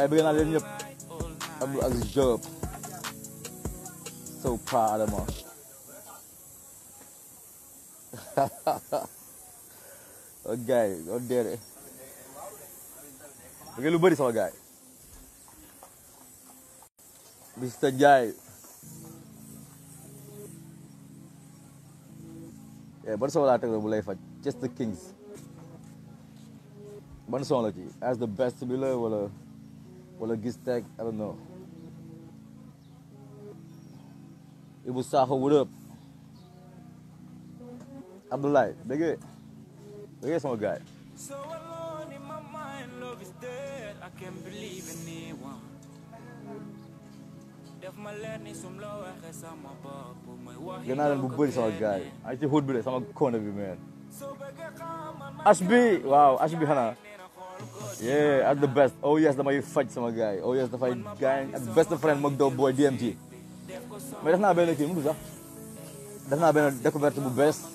I not living up job. So proud of him. okay, don't dare Okay, look at this guy. Mr. Guy. Yeah, but so I think for just the kings. But so uh, as the best to be the. Uh, wala gis teg I don't know was Saho what up it. dégg dégg someone gaay So alone in my mind love is dead I can't believe in anyone def I leer ni sum la waxee sama bopp mooy wax gannaaw leen bu bëri sama gaay ay ci xóot bi de sama kóone bi meen HB waaw HB xanaa Yeah, at the best. Oh yes, the my fight sama guy. Oh yes, the fight guy. At the best of friend Magdo boy DMG. Mas deve na bela aqui, muda. Deve na bela descoberto best.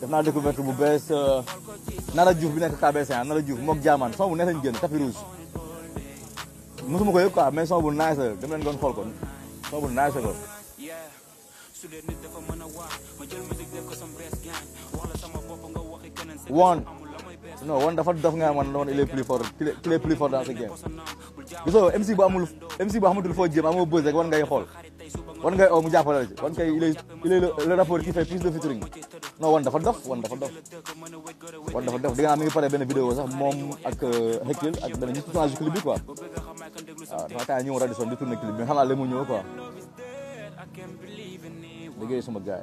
Deve na descoberto best. Nada de juvina com a cabeça, nada de juvina. zaman. jaman, só o neto indiano, tá piruso. Musu kah? koyo semua men só nice, dem uh, len gon fol kon. Semua o nice kon. Uh, One. non wan dafa def nga man noonu il est plus fort il plus fort dans ce game gisoo MC bu amul MC bu xamatul foo jéem amoo buzz rek wan ngay xool wan ngay oo oh, mu wan kay il est il est le ngi pare benn vidéo sax moom ak euh, Hekil ak benn ñu tournage clip bi quoi waaw ah, dafa taa ñu war a di son di tourner clip bi xam naa la mu ñëw quoi liggéey suma gars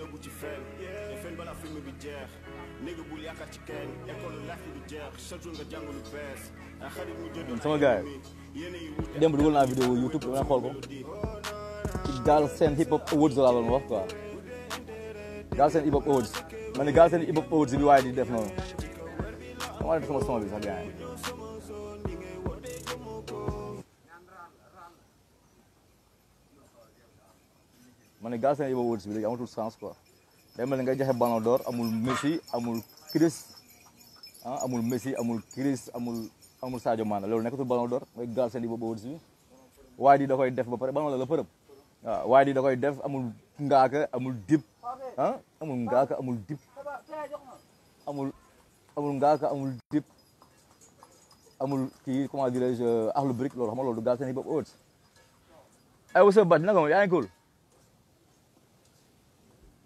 nëbbu ci fenn te fenn balaa film bi jeex néega bul yaakaar ci kenn école laaj bi jeex chaque jour nga jàng lu bees ak xarit mu jënd sama gars yi démb dugal naa vidéo YouTube dama xool ko ci Galsen Hip Hop Awards laa doon wax quoi Galsen Hip Hop Awards ma ne Galsen Hip Hop Awards bi waaye di def noonu dama def sama son bi sax gars yi ma ne Galsen yi ma wóor si bi léegi amatul sens quoi day mel ni ngay joxe Ballon door amul Messi amul Chris ah amul Messi amul Chris amul amul Sadio Mané loolu nekkatul Ballon d'Or mooy Galsen yi ma wóor si bi waaye di da koy def ba pare Ballon d'Or la përëm waa waaye di da koy def amul ngaaka amul dip ah amul ngaaka amul dip amul ngaaka amul dip kii comment dirais-je ahlu brique loolu xam nga loolu du Galsen yi ma wóor ay wasa bat dina ko yaa ngi cool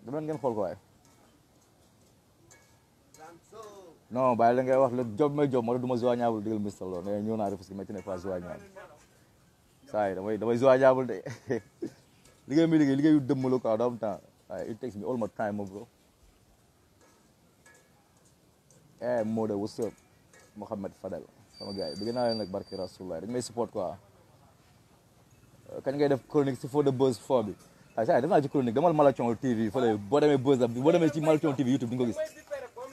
dama ngeen xool ko waaye. non bàyyi la ngay wax le job may job moo tax du ma joignable digal ministre loolu nee ñëw naa Rufisque mais tu n'es pas joignable saa yi damay damay joignable de liggéey mi liggéey liggéeyu dëmm la quoi daa am temps it takes me all my time ma bro eh moo de what's up Fadel sama gars yi naa leen nag barki Rasulullah dañ may support quoi kañ ngay def chronique si faux de buzz foo bi ah saa yi dafa naa ci chronique dama la Malathion TV fële boo demee Buzz ab boo demee ci Malathion TV YouTube di nga ko gis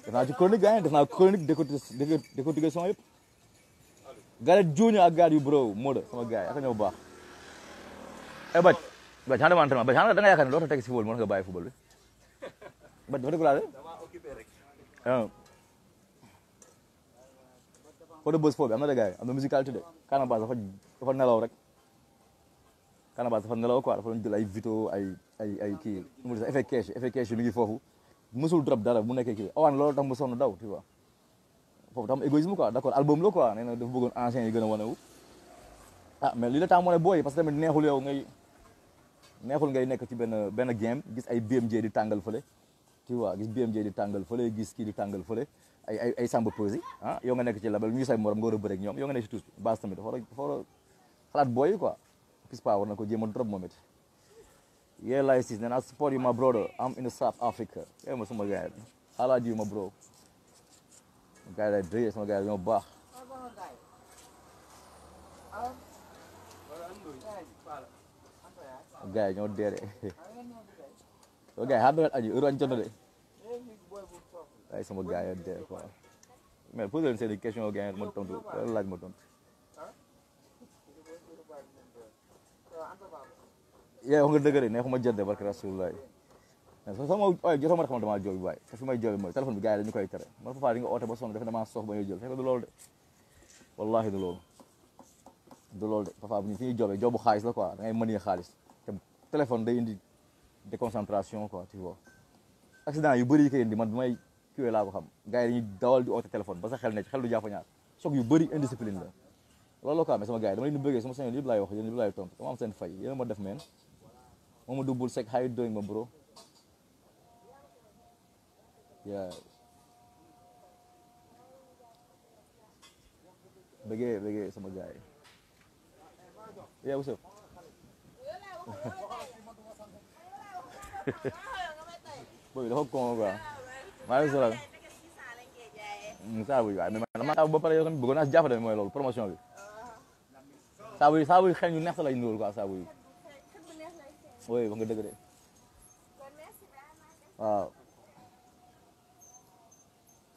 def naa ci chronique gars yi def naa chronique décortication yëpp. Gareth Junior ak gars yu bro Modou sama gars yi ak ñoo baax. eh Bac Bac xanaa dama entraînement Bac xanaa da nga yaakaar ne dootoo teg si football moo tax nga bàyyi football bi Bac dafa découragé. ah. côté Buzz foofu am na de gars yi am na musicalité de Canabasse dafa dafa nelaw rek. à la base dafa nelaw quoi dafa doon jël ay vito mu effet cash d' accord album la quoi nee na dafa bëggoon anciens yi a wane wu ah booy parce que ci benn benn game gis ay BMJ di tàngal fële tu vois gis kii di tàngal fële ay ay ay Samba Peuzzi ah yow nga Pispa war na ko jéem a drop moom it yeah like this nee naa support you my brother I'm in the South Africa yeah ma sama gars yi ala ji ma bro gars yi day sama gars yi ñoo baax gars yi ñoo deere so gars yi xam nga aji heure añ jot na de ay sama gars yi deere quoi mais posé yaa wax nga dëgg rek neexuma jënd barke rasulullah sax sama waaye jotoo ma xamal damaa jooy bu baay te fi may jooy mooy téléphone bi gars yi dañu koy tere man fafaa di nga oote ba sonn dafa damaa sox ba ñuy jël fekk du loolu de wallahi du loolu du loolu de fafaa bu ñu fi ñuy joobee joobu xaalis la quoi da ngay mënee xaalis te téléphone day indi déconcentration quoi tu vois accident yu bëri yi koy indi man bi may kiwee laa ko xam gars yi dañuy dawal di oote téléphone ba sa xel ne ci xel du jàpp ñaar choc yu bëri indiscipline la loolu la quoi mais sama gars yi dama leen di bëggee sama sañoon yëpp laay wax yéen yëpp laay tontu dama am seen fay yéen ma def meen mau double sec, how you doing, bro? ya Bagi, bagi sama guy. ya what's up? Boy, dah hukum gua. Mari salam. Sawi, memang nama tahu bapak kan bukan asjaf dan mau promosi lagi. Sawi, sawi kan yunus lah indul kok sawi. wooy wax nga dëgg de waaw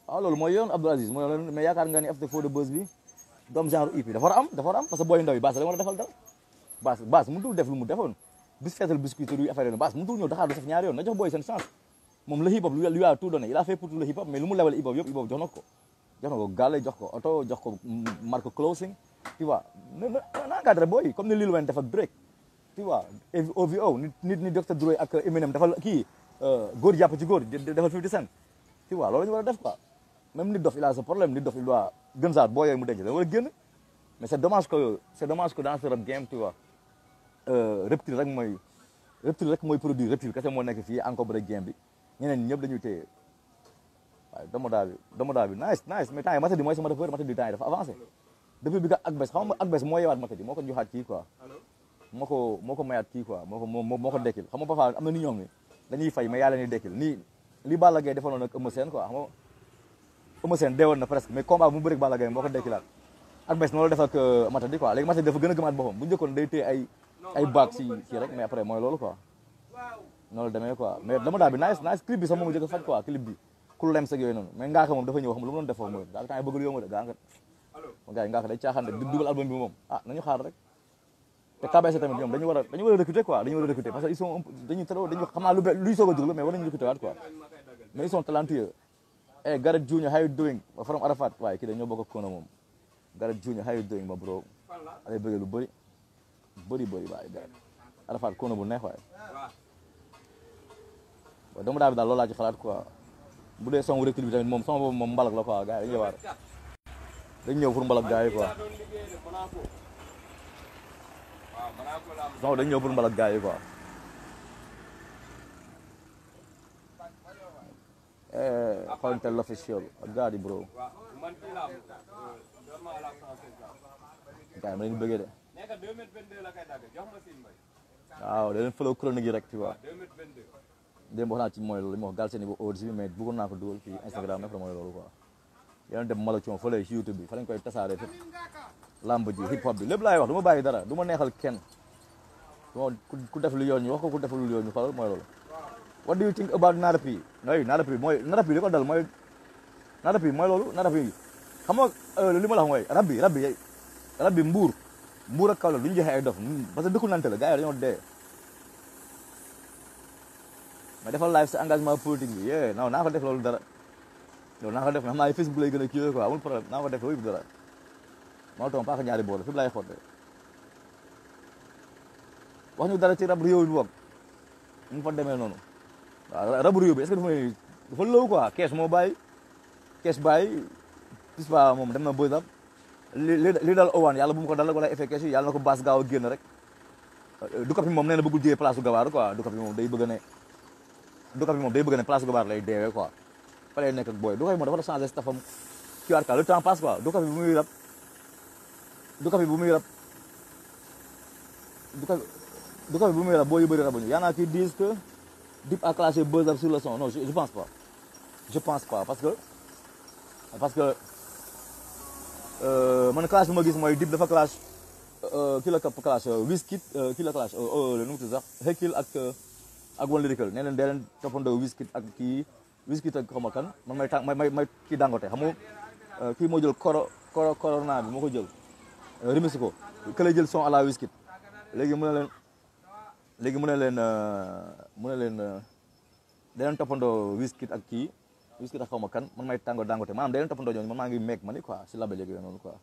waaw oh, loolu mooy yoon Abdou Aziz mooy yoon mais yaakaar nga ni after faux de buzz genre ip dafa a am dafa a am parce que booy ndaw yi baas a defal dara baas baas mu def lu mu defoon bis feetal biscuiterie affaire yoon baas mu dul ñëw daxaar du saf ñaari yoon na jox booy seen chance moom le hip hop lu a tout donné il a fait pour tout le hip hop mais lu mu lewal hip hop yëpp jox na ko jox na ko gàlle jox ko oto jox ko marque closing tu vois na encadré booy comme ni Lil Wayne tu vois OVO nit ni docteur Drouet ak Eminem dafal kii euh, góor jàpp ci góor defal 50 Cent tu vois la ñu war a def quoi même nit dof il a ce problème nit dof il doit gën saa boo yooyu mu denc da war a génn mais euh, rek mooy reptile rek mooy produit reptile kese moo nekk fii encore ba game bi ñeneen ñëpp dañuy téye waaye nice nice mais temps Matadi mooy sama Matadi temps yi dafa depuis bi nga ak bés xam nga Matadi moo ko joxaat kii quoi moko moko mayat ki quoi moko moko moo ko xam nga papa amna ni ñoom ni dañuy fay ma yalla ni dekil ni li balagay defal nak ak sen quoi xam nga Eumeu sen deewoon na presque mais combat bu bari balagay moko Gaye moo ak bes noonu la ke mata di quoi léegi mata dafa gëna gëm at bopam bu ñëkkon day téye ay ay bac ci ci rek mais après moy lolu quoi noonu la demee quoi mais dama da bi nice nice clip bi sama mu jëk fat quoi clip bi ku lem sa yoy non mais nga xam mom dafa ñëw xam lu mu doon defoo mooy gaa temps yi bëggul yomu da nga allo yi ngaa ka day caaxaan de dugal album bi mom ah nañu xaar rek te KBC tamit ñoom dañu war a dañu war a recruter quoi dañu war a recruter parce que ils sont dañu trop dañu xam naa lu luy soog a dugg la mais war nañu recruter waat quoi mais ils sont talentueux eh Gareth Junior how you doing ba from Arafat waaye kii dañoo bokk ak Kono moom Gareth Junior how you doing ba bro alay bëgg lu bëri bëri bëri waaye Gareth Arafat Kono bu neex waaye waaw doomu daal bi daal loolu laa ci xalaat quoi bu dee son recul bi tamit moom son boobu moom mbalak la quoi gars yi dañuy waar dañu ñëw pour mbalak gars yi quoi non dañ ñëw pour mbalak gars yi quoi. Eh, xoolante l'officiel gars yi bro. gars yi ma leen bëggee de. waaw leen fëloo chronique yi rek tu vois. démb wax naa ci mooy loolu li ma wax Galsen Niveau Odds bi naa ko dugal ci Instagram rek mooy loolu quoi. yeneen dem Mbalak Thion fële ci YouTube bi fa koy tasaaree fépp. làmb ji hip hop bi lépp laay wax du ma bàyyi dara du ma neexal kenn du ku def lu yoon ñu wax ko ku def lu yoon ñu xoolal mooy loolu. what do you think about narap yi ay narap yi mooy narap yi li ko dal mooy narap yi mooy loolu narap yi xam nga euh, li ma la wax mooy rab bi rab bi rab bi mbuur mbuur ak Kaolack du ñu joxe ay dof parce que dëkku nante la gars yi dañoo dee. mais defal live sa engagement politique bi yee non naa ko def loolu dara loolu naa ko def mais xam naa Facebook lay gën a kii quoi amul problème naa ko def loolu dara. maa toog paaka ñaari boole fi mu laay xottee wax ñu dara ci rab réew bi boog mu fa demee noonu rab réew bi est ce que dafa may dafa low quoi kees moo bàyyi kees bàyyi pis ba moom dem na boy dab li li dal owaan yàlla bu mu ko dal wala effet kees yi yàlla na ko baas gaaw a génn rek euh, du ko fi moom nee na bëggul jiyee place su gabaar quoi du day bëgg ne du ko fi moom day bëgg ne place su gabaar lay deewee quoi fa lay nekk ak booy du ko fi moom dafa def changé stafam ci waat quoi le temps passe du ko fi muy duka bibumira duka duka bibumira boy beureur Il y en a qui disent que Deep a classé Buzz sur le son. Non, je, je pense pas. Je pense pas parce que parce que euh, mon classe me gis moy Deep dafa classe euh, qui la cap classe Whiskey euh, qui euh, la classe euh, euh, le nom de ça Hekil ak euh, ak One Lyrical né len délen topando Whiskey ak ki Whiskey ak xama kan man may may may ki dangoté xamou euh, ki mo jël koro koro corona bi moko jël Euh, remercié ko kële jël son à la Wizkid léegi mu ne leen mu ne leen euh, mu ne leen euh, daneen toppandoo Wizkid ak kii Wizkid ak xaw ma kan man may tàngo dangote maanaam daneen toppandoo ñooñu man maa ngi meeg ma ni quoi si label léegi yooyu noonu quoi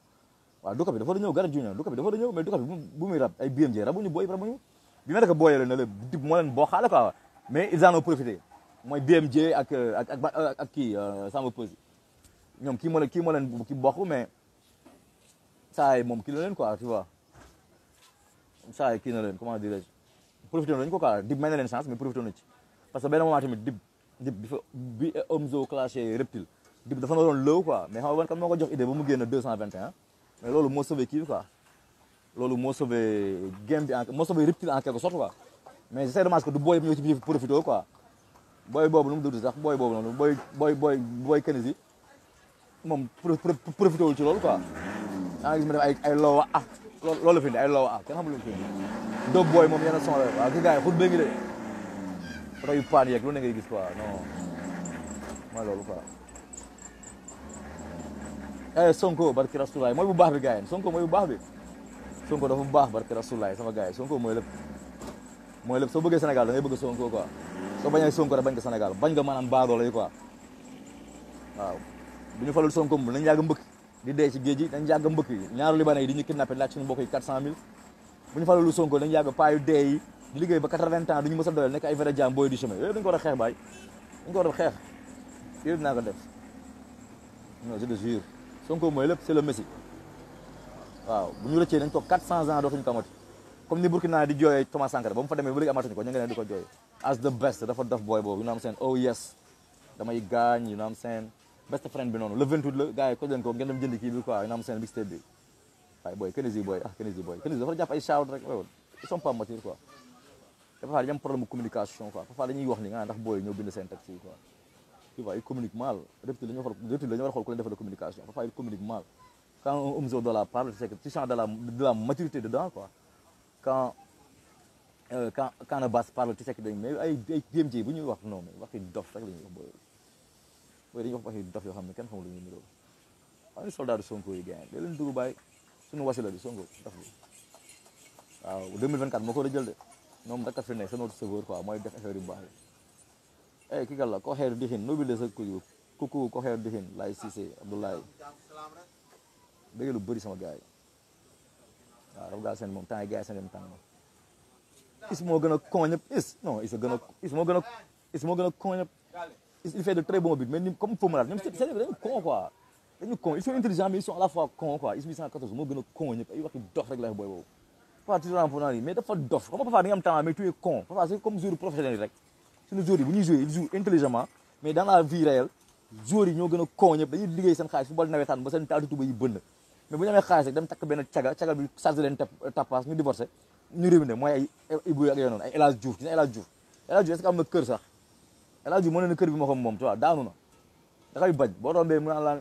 waaw duka bi dafa da ñëw garab junior duka bi dafa da ñëw mais duka bi bu muy rab ay BMJ rabuñu booy rabuñu bi ma rek booyee leen ne moo leen boo xaale quoi mais ils en ont profité mooy BMJ ak ak ak ak kii sama pose ñoom kii moo leen kii moo leen kii bokk mais saa yi moom kii na leen quoi tu vois saa kii na leen comment dirais-je profité nañ ko quoi dib may na leen chance mais profité nañ ci parce que benn moment tamit dib dib bi fa bi Omzo clashé Reptile dib dafa na doon lëw quoi mais xam nga man kan moo ko jox idée ba mu génn 221 mais loolu moo sauvé kii bi quoi loolu moo sauvé game bi en moo sauvé Reptile en ko sorte quoi mais c'est dommage que du booy yëpp ñëw ci biir profité quoi booy boobu nu mu dugg sax booy boobu noonu booy booy booy booy Kenzi moom profité wul ci loolu quoi. da ah, nga gis mu ay ay loowa ah loolu la fi indi ay loowa ah kenn xamul lu fi indi dog booy moom yenn son la waaw ah, ki gars yi xut bëgg de oto yu paan yeeg ngay gis quoi non mooy loolu quoi eh Sonko barki rasulaay mooy bu baax bi gars yi Sonko mooy bu baax bi Sonko dafa baax barki rasulaay sama gars yi Sonko mooy lépp mooy lépp soo bëggee Sénégal da ngay bëgg Sonko quoi soo bañee Sonko rek bañ ga Sénégal bañ nga maanaam baadoo lay quoi waaw bu ñu falul Sonko mu di dee ci géej gi dañ yàgg mbëkk yi ñaaru libanais yi di ñu kidnappé laaj suñu mbokk yi 400000 bu ñu falalu Sonko dañ yàgg paayu dee yi di liggéey ba du ñu mës a doyal nekk ay vrai jaam booy chemin yooyu dañ ko xeex baay ko def non je te Sonko mooy lépp c'est le messi waaw bu ñu rëccee dañ toog 400 ko amati comme ni Burkina di jooyee Thomas Sankara ba mu fa demee ba léegi amatuñu ko ñu ngi leen ko jooyee as the best dafa def booy boobu you know what I'm saying oh yes damay gaañ you know what I'm best friend bi noonu le 28 la gars yi ko leen ko ngeen dem jëndi kii bi quoi naam seen mixtape bi waaye booy Kennedy booy ah Kennedy booy Kennedy dafa jàpp ay shout rek waaw ils sont pas matures quoi dafa xaar dañu am problème communication quoi parfois dañuy wax ni nga ah, ndax booy ñëw bind seen texte yi quoi tu vois ils communiquent mal a xool ku leen defal la communication parfois ils communiquent mal quand un homme de la parole c'est que tu sens ñuy wax non mais waxi dof mooy dañuy wax waxi daf yoo xam ne kenn xamul lu ñu niroo waaye soldat du Sonko yi gars yi leen dugg bàyyi suñu wasila bi Sonko daf bi waaw 2024 moo ko war a jël de moom rek a fi ne c'est notre sauveur quoi mooy def affaire yu baax yi eh ki gàlla ko xeer di xin nobile sa kuju kuku ko xeer di xin Laye Cissé Abdoulaye bëgg lu bëri sama gars yi waaw rab gaa seen moom temps yi gars yi seen dem temps moom is moo gën a koñ ñëpp is non is a gën a is moo gën a is moo gën a koñ ñëpp il fait de très bons buts. Mais comme Fomorat. c'est des cons quoi. Ils sont intelligents, mais ils sont à la fois cons quoi. Ils sont 114, moi, je cons. con. Ils sont dof avec les boys. Pas tu rentres dans mais tu dof. Comment papa, tu temps, mais tu es con. Papa, c'est comme jouer professionnel C'est nous jouer, ils jouent, ils intelligemment, mais dans la vie réelle, jouer, ils sont cons. Ils liguent sans Ils football n'avait pas, mais c'est un tas de tout Mais vous sont cash, Ils tak ben un tiaga bi charge len tapas, ñu sont Ñu Ils moy ay ibu ak yonon, ay Ils sont Ils est-ce El Hadj mën na ne kër bi ma ko moom tu vois daanu na da koy bañ boo doon dee mu naan laan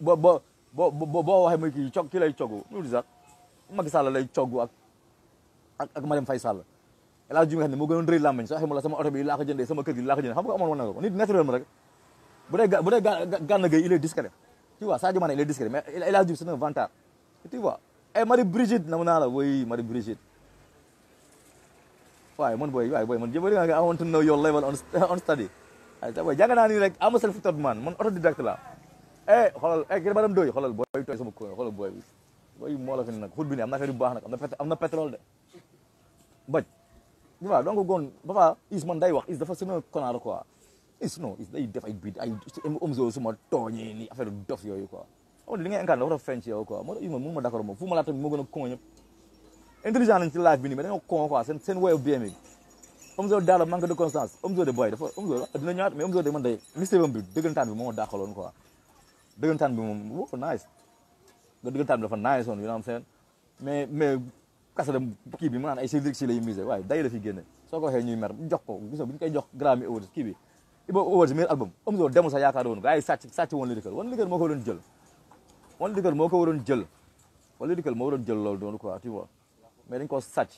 boo boo boo boo waxee muy kii cog kii lay cogu lu di sax Macky Sall lay cogu ak ak ak Marième Faye Sall El Hadj mi nga xam ne moo gënoon rëy làmmiñ soo xamul la sama oto bi laa ko jëndee sama kër gi laa ko jëndee xam nga amoon woon na ko nit naturel ma rek bu dee bu dee Gana Gueye il est discret tu vois Sadio Mané il est discret mais El Hadj c'est un vantard tu vois ay Marie Brigitte namu naa la oui Marie Brigitte waaye man booy waaye booy man jëbëri nga I want to know your level self taught man man autodidacte la eh xoolal eh kii madame doy xoolal booy tooy sama ko xoolal nag xut bi am na affaire yu baax nag am na am na pétrole de baj tu vois gon papa is man day wax is dafa sena connard quoi is non is day def ay bid ay omzo suma tooñee nii affaire dof yooyu quoi xam li ngay incarné dafa feeñ ci yow quoi moo tax ma mënu ma d'accord moom fu ma laa tamit moo gën a con intelligent lañ ci live bi nii mais dañoo con quoi seen seen way of BM bi Omzo daal manque de constance Omzo de boy dafa Omzo dina ñëwaat mais Omzo de man day mistake bi dëggantaan bi moo dàqaloon quoi dëggantaan bi moom woo nice dëggantaan bi dafa nice woon you know what I'm saying mais mais kasa dem kii bi mu naan ay séddiq si lay misé waaye day la fi génne soo ko waxee ñuy mer jox ko gis nga bu ñu koy jox Grammy Awards kii bi Ibo Awards meilleur album Omzo demul sax yaakaar woon gars yi sàcc sàcc woon Lyrical woon Lyrical moo ko waroon jël woon Lyrical moo ko waroon jël woon Lyrical moo waroon jël loolu doonu quoi tu vois mais dañ ko sàcc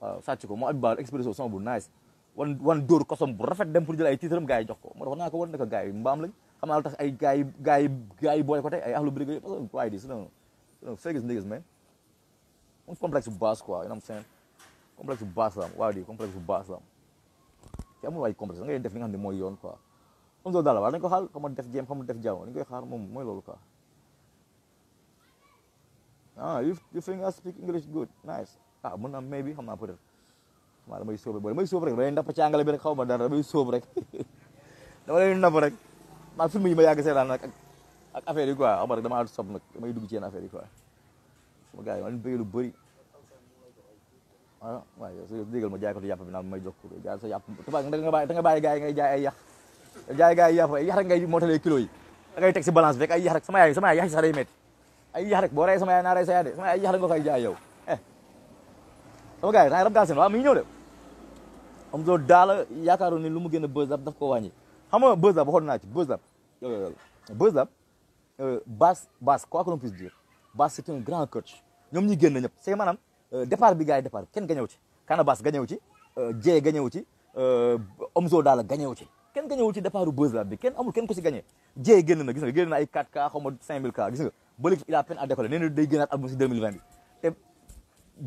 waaw sàcc ko moo abibaalu expresso son bu nice wan wan dóor kosom bu rafet dem pour jël ay tiitaram gars yi jox ko moo tax naa ko war ne ko gars yi mbaam lañ xam naa lu tax ko tey ay ahlu bëri yëpp parce que waaye bu baas ko yéen am seen complexe bu baas la am waaye di complexe bu baas la am te amul waay complexe da def li nga xam mooy yoon quoi am soo daal waaye dañ ko xam nga def jéem xam nga def jaaw dañ xaar moom mooy loolu ka ah you you a I speak English good nice ah mun na maybe xam naa peut être xam naa damay sóob rek damay sóob rek damay napp ci anglais bi rek xaw ma dara damay soob rek dama leen napp rek maa film yi ma yàgg seetaan nag ak affaire yi quoi xam nga rek damaa sob nag damay dugg ci yenn affaire yi a sama gars yi ma leen bëgg lu bëri ah waaye su déggal ma jaay ko yàpp sa yàpp tubaab da nga ngay jaay ay yàq jaay balance bi ay yàq sama yaay yaay yàq si ay yax rek boo rey sama yaay naa rey sa yaay de sama yaay ay yax rek nga koy jaay yow eh sama gars yi rab gaa seen waaw mi ngi ñëw de am daala yaakaaroon ni lu mu gën a buzz up daf ko wàññi xam nga buzz up waxoon naa ci buzz up yow yow buzz up Bass Bass quoi que l'on puisse dire grand coach ñoom ñi génn ñëpp c'est maanaam départ bi gaay yi départ kenn gañëw ci Kana Bass gañëw ci Dieng gañëw ci Omzo Dollar gañëw ci kenn gañëw ci départu buzz up bi kenn amul kenn ko si gañee Dieng génn na gis nga génn na ay 4K xaw ma 5000K gis ba léegi il a peine à décoller na day génnaat album si 2020 bi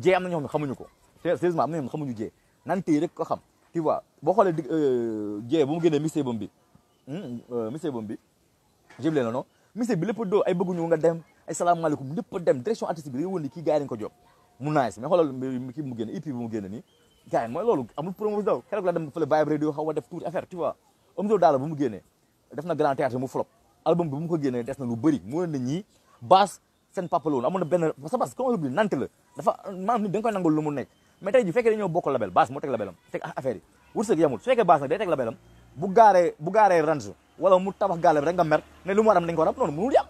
te am na ñoo xam ne xamuñu ko sérieusement am na ñoo xamuñu jee nan tey rek ko xam tu vois boo xoolee di euh, jee bu mu génnee mixtape bam bi hmm, euh, mixtape bam bi jëble na non bi lépp doo ay bëgguñu nga dem ay salaamaaleykum lépp dem direction artistique bi da woon ni kii gars yi dañu ko jox mu nice mais xoolal kii mu génn EP bi mu génn nii gars yi mooy loolu amul promo keroog la dem fële vibe radio a def tuuti affaire tu vois Omzo Dollar bu mu génnee def na grand théâtre mu flop album bi bu mu ko génnee des na lu bëri mu ne ñii base seen papa la woon amoon na benn sa base comme lu nante la dafa maanaam nit da nga koy nangul lu mu nekk mais tey ji fekkee dañoo bokk label base moo teg labelam teg affaire yi wërsëg yamul su fekkee teg labelam bu gaaree bu gaaree range mu tabax gaale bi rek nga mer ne lu mu war am nañ ko war am noonu mënul yàq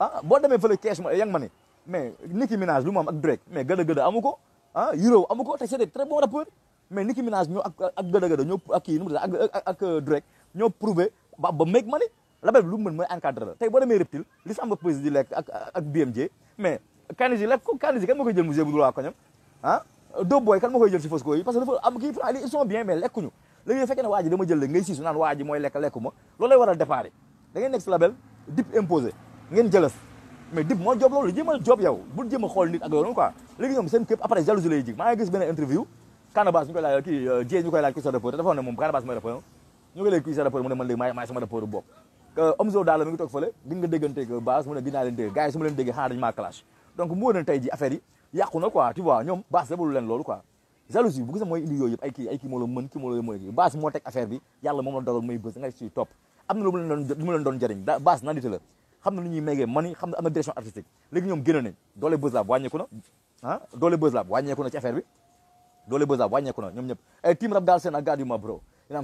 ah boo demee fële kees ma yang ma ni mais Nicki Minaj lu mu am ak Drake mais gëda gëda amu ko ah Euro amu te c'est des très bons rappeurs mais Nicki Minaj ñoo ak ak gëda gëda ñoo ak kii nu ñoo prouvé ba ba make label bi lu mu mën mooy encadré la tey boo demee reptile li Samba Peuzzi di lekk ak ak BMJ mais Kandji lekk ko Kandji kan moo koy jël musée bu dul waa koñam ah doo booy kan moo koy jël si Fosco yi parce que dafa am kii ils sont bien mais lekkuñu léegi fekkee ne waa ji dama jël ngay siisu naan waa ji mooy lekk lekku ma loolu lay waral départ yi da ngeen nekk si label dip imposé ngeen jëlas mais dip moo job loolu jéemal job yow bul jéem a xool nit ak loolu quoi léegi ñoom seen képp après jalousie lay jig maa ngi gis benn interview Canabaas ñu koy laaj kii Dieng euh, ñu koy laaj kuy sa rapport dafa wax ne moom Canabaas mooy rapport ñu koy laaj kuy sa rapport mu ne man léegi maay sama rapport bopp Omzo daal mi ngi toog fële di nga dégganteeg base yi maa clash donc moo ne tey ji affaire yi yàqu na quoi tu vois ñoom base rebalu leen loolu quoi jalousie bu mooy indi yooyu ay kii ay mën kii moo la mooy kii moo teg affaire bi yàlla moom la dogal may bës nga ci topp am na lu mu leen mani xam na direction artistique léegi ñoom génn nañ doole bës lab wàññeeku na ah doole bës lab wàññeeku na ci ay eh, team rap daal seen ak gars yu ma bro yu na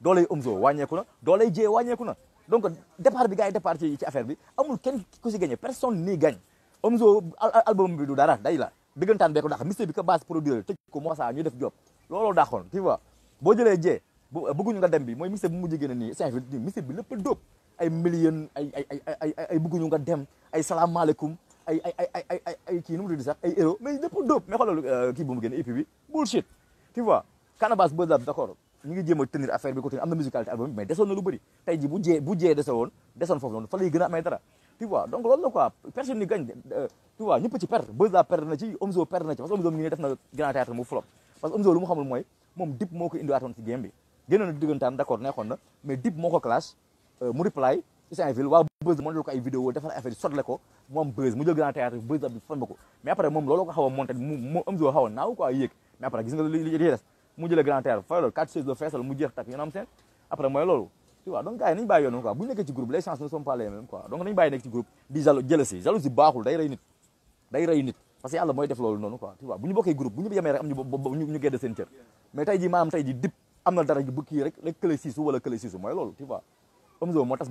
doolay Omzo wàññeeku na doolay Dieng wàññeeku na donc départ bi gars yi départ ci affaire bi amul kenn ku si gagné personne nii gagne Omzo album bi du dara day la dëggantaan bee ko dàq monsieur bi ka base produire tëj ko Moussa ñu def job looloo dàqoon tu vois boo jëlee Dieng bu bëgguñu nga dem bi mooy monsieur bu mujj génne nii Saint-Louis monsieur bi lépp dóob ay million ay ay ay ay nga dem ay salaamaaleykum ay ay ay ay ay ay kii nu mu tudd sax ay héros mais lépp dóob mais xoolal euh, kii bu mu génne épi e bi bullshit tu ñu ngi jéem a tenir affaire bi côté am na musicalité album bi mais desoon na lu bëri tey ji bu jee bu jee dese woon desoon foofu noonu fa lay gën a amee dara tu vois donc loolu la quoi personne ni gagne euh, tu vois ñëpp ci perdre Beuz Lalla perdre na ci Omzo perdre na ci parce que Omzo mi ngi ne def na grand théâtre mu flop parce que Omzo lu mu xamul mooy moom dip moo ko indiwaatoon ci game bi génnoon na diggantaan d' accord neexoon na mais dip moo ko clash euh, mu reply Saint-Ville waaw Beuz monté ko ay vidéo defar affaire yi sotle ko mu am Beuz mu jël grand théâtre Beuz Lalla bi fan ba ko mais après moom loolu ko xaw a monté mu Omzo xaw a naaw quoi yéeg mais après gis nga li des mu jëlee grand terre fa loolu 4 chaises de feesal mu jeex takk yéen am après mooy loolu tu vois donc gars yi nañu bàyyi yoon quoi bu ñu nekkee ci groupe les chances ne sont pas les mêmes quoi donc nañu nekk ci groupe di jalo jalousie baaxul day day rey nit parce que mooy def loolu noonu quoi tu vois bu ñu bokkee groupe bu ñu yemee rek am ñu ñu gedd seen cër mais tey jii dip am na dara ji rek rek kële siisu wala kële siisu mooy loolu tu vois Omzo moo tas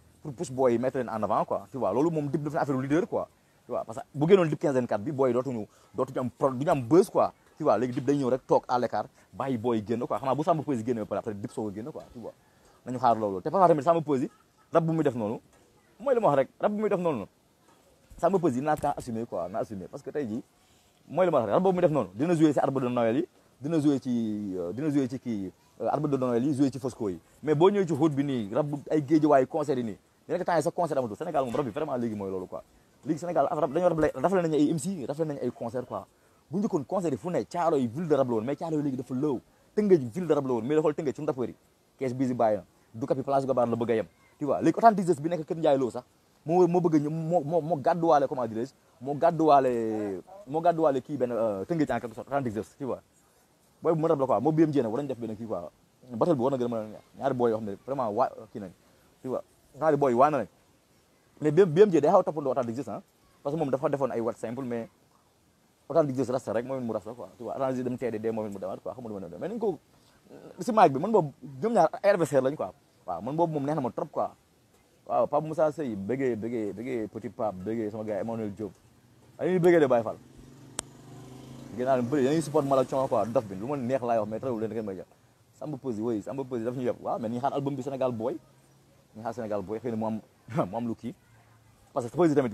pour pousse booy mettre en avant quoi tu loolu moom dib na affaire leader quoi tu vois parce bu génnoon dib 15 4 bi booy dootuñu dootuñu am pro duñu am buzz quoi tu vois rek toog à l'écart bàyyi booy génn quoi xanaa bu Samba Peuzzi génn ba pare après dib soog a génn quoi tu vois nañu xaar rab bu muy def noonu mooy li ma wax rek rab bu muy def noonu Samba Peuzzi naa kaa assumer quoi naa assumer parce que tey jii mooy li ma wax rek rab boobu muy def noonu dina jouer euh, kii euh, mais boo ñëwee ci xóot bi nii rab ay géejawaay yeneen temps yi sax concert amatul Sénégal moom rab bi vraiment léegi mooy loolu quoi léegi Sénégal dañoo rafetlu nañu ay MC rafetlu nañu ay concert quoi bu njëkkoon concert yi fu ne caaro yi ville de rab la woon mais caaro yi léegi dafa lëw tëngëj ville de rab la woon mais dafa tëngëj suñu rappeurs yi kees bii si bàyyi na du kapi place gabaar la bëgg a yem tu vois léegi authentique bi nekk kër Njaay Lo sax moo moo bëgg a moo moo moo gàdduwaale comment dirais-je moo gàdduwaale moo gàdduwaale kii benn euh, tëngëj en quelque sorte authentique tu vois booy bu mu rab la quoi moo BMJ nag war nañ def benn kii quoi batal bi war na gën a mën a ñaari booy yoo xam ne vraiment waa kii nañ tu vois xaari booy waa na rek mais bi bi mu jël day xaw a toppandoo Attaque de Justice parce que moom dafa defoon ay wat simple mais Attaque de Justice rasta rek moom it mu rasta quoi tu vois Attaque de moom mu demaat ko si maag bi man boobu ñoom ñaar ay adversaire lañ quoi waaw man boobu moom neex na ma trop quoi waaw Pape Moussa Seye bëggee bëggee bëggee petit Pape bëggee sama gars Emmanuel Diop ay bëggee de Baye Fall ginnaaw lu bëri dañuy support Malak Thion quoi lu ma neex laay wax mais teewul leen da ngeen may jàpp Samba Peuzzi ñu xaar Sénégal booy xëy na mu am mu am lu kii parce que Feuzy tamit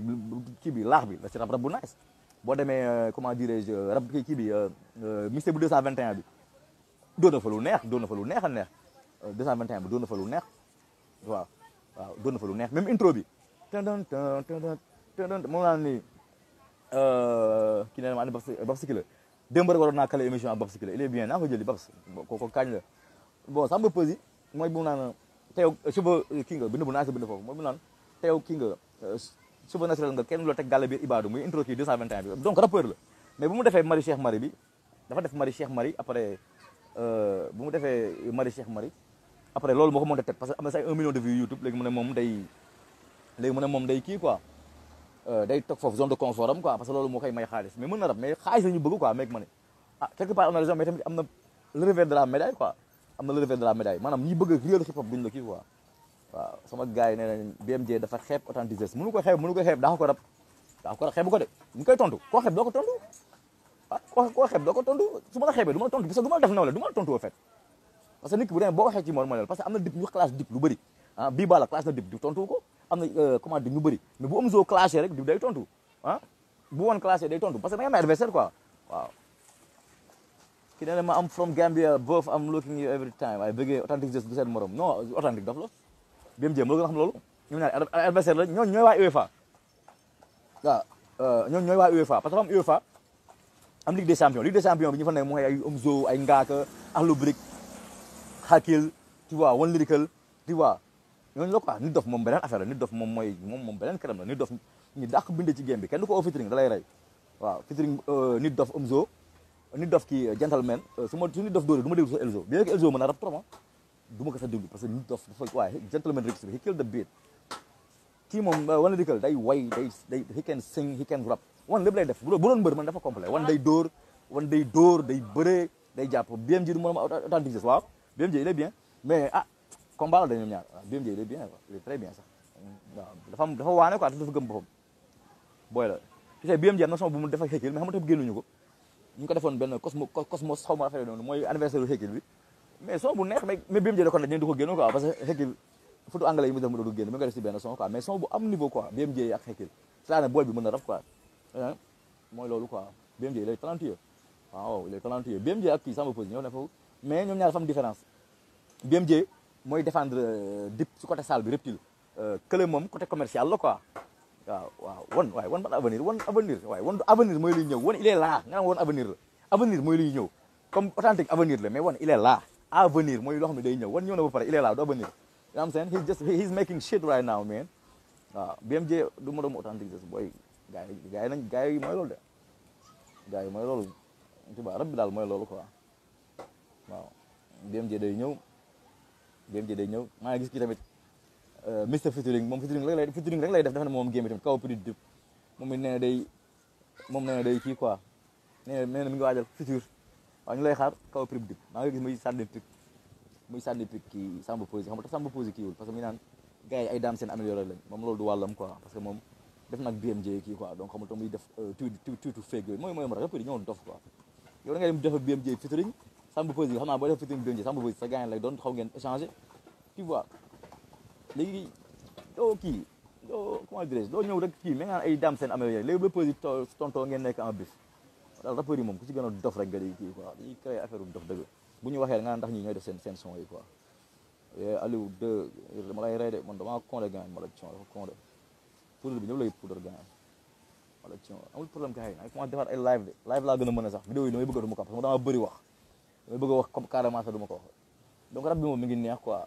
kii bi laax bi da ci rab rab bu nice boo demee euh, comment dirais-je euh, rab kii bi euh, mixte bu 221 bi doon na fa lu neex doon na fa lu neex a neex 221 bi doon na fa lu neex waaw waaw doon na fa lu neex même intro bi tëndën tëndën tëndën moom laa ni kii nee na ma ànd Babs Kile démb rek waroon naa kale émission a Babs Kile il est bien naa ko jëli Babs kooku kaañ la bon Samba Peuzzi mooy bu mu naan teew cheveux kii nga nga kenn loo teg gàlla biir muy intro kii 221 la mais bu mu defee Marie Cheikh Marie bi dafa def Marie Cheikh Marie après bu mu defee Marie Cheikh Marie après loolu moo ko monté tête parce que am na say 1 million de vues YouTube léegi mu ne moom day kii quoi day toog foofu zone de confort am loolu moo koy may xaalis mais mën na rab mais xaalis la ñu bëgg quoi meeg ma ne quelque part on a raison mais tamit am na le revers de la médaille am na le revers de la médaille maanaam ñi bëgg réel hip hop duñ la kii quoi waaw sama gars yi nee nañ BMJ dafa xeeb authenticité mënu ko xeeb mënu ko xeeb daa ko rab daa ko rab xeebu ko de ñu koy tontu ko tontu ah, doo ko tontu su ma la xeebee du ma tontu parce du ma def nawle du ma tontu au fait parce que nit ki boo ko ci moom mooy parce am na dip ñu classe dip lu bëri ah, bii bala classe na dip tontu euh, bu am zoo day tontu ah bu woon adversaire quoi ki ne ma am from Gambia both am looking you every time waaye bëggee authentique just du seen morom non authentique daf la BM James loolu nga xam loolu adversaire la ñooñu ñooy waa UEFA waaw fa euh, ñooy UEFA am UEFA am Ligue des champions Ligue bi ñu fa ne mooy ay Omzo ay Ngaaka Akhlou Brick Hakil tu vois One Lyrical tu vois ñooñu la quoi nit dof moom beneen affaire la dof moom mooy moom moom beneen këram la nit dof ñu dàq binde ci game bi kenn ko oo featuring da lay rey waaw featuring euh, nit dof nit dof kii euh, gentleman euh, su ma su nit dof dóoree du ma déglu sax Elzo bien que Elzo mën a rap trop ah, du ma ko sax déglu parce que nit dof dafa waaye gentleman rek he killed the beat kii moom euh, wan la dikal day way day day he can sing he can rap wan lépp lay def bu doon mbër man dafa complet wan day dóor wan day dóor day bëree day jàpp BMJ du moom authentique waaw BMJ il est bien mais ah combat la dañu ñaar waaw ah, BMJ il est bien quoi il est très bien sax waaw dafa am dafa waane quoi dafa gëm boppam booy la tu sais BMJ am na son bu mu def ak Hakill mais xam nga tax génnuñu ko ñu ko defoon benn cosmo cosmos xaw ma affaire noonu mooy anniversaire yu Hakill bi mais son bu neex mais mais bi mu jëlee kon nag ñun du ko génn quoi parce que Hakill photo anglais yi mu def mu doon génn mi ngi ko def si benn son quoi mais son bu am niveau quoi BMJ ak Hakill c'est-à-dire boy bi mën na raf quoi mooy loolu quoi BMJ il est talentueux waaw il est talentueux BMJ ak kii Samba Peuzzi ñëw na foofu mais ñoom ñaar dafa am différence BMJ mooy défendre euh, dip si côté salle bi reptile euh, kële moom côté commercial la quoi won waaye won ban avenir won avenir waaye won avenir mooy liy ñëw won il est là nga naan won avenir la avenir mooy liy ñëw comme authentique avenir la mais won il est là avenir mooy loo xam ne day ñëw won ñëw na ba pare il est là du avenir you know what I'm saying he's just he's making shit right now man waaw BMJ du ma doon authentique des booy gars yi gars yi nañ gars yi mooy loolu de gars yi mooy loolu tuba BMJ day ñëw BMJ day ñëw maa ngi gis ki Euh, mister featuring moom featuring rek lay featuring rek lay def dafa ne moom gémmi tamit kaw Petit Diop moom it nee na day moom nee na day kii quoi nee na nee na mi ngi waajal futur waaw ñu lay xaar kaw Petit Diop maa ngi gis muy sànni pic muy sànni pic kii Samba Posé xam nga tax Samba Posé kiiwul parce que mi naan gars yi ay daam seen amélioré lañ moom loolu du wàllam quoi parce que moom def nag BMJ kii quoi donc xam nga muy def tuuti tuuti feeg yooyu mooy mooy moo tax yëpp di ñëwoon dof quoi yow da ngay dem def BMJ featuring Samba Posé xam naa boo def featuring BMJ Samba Posé sa gars yi lay doon xaw ngeen échanger tu vois léegi doo kii doo comment dirais-je doo ñëw rek kii mais naan ay daam seen amee yooyu léegi rappeurs yi tontoo ngeen nekk en bus daal rappeurs moom ku ci gën a dof rek nga di kii quoi dañuy créé affaire bu dof dëgg bu ñu waxee nga naan ndax ñi ñooy def seen seen son yi quoi eh, Aliou deux lay rey de man damaa condé gan ma la con dafa condé poudre lay poudre gan ma la con amul problème yi nag commencé defaat ay live de live laa gën a mën a sax vidéo yi damay bëgg a duma ko parce que dama bëri wax damay bëgg a wax comme carrément sax duma ko wax donc rab bi moom mi ngi neex ko waaw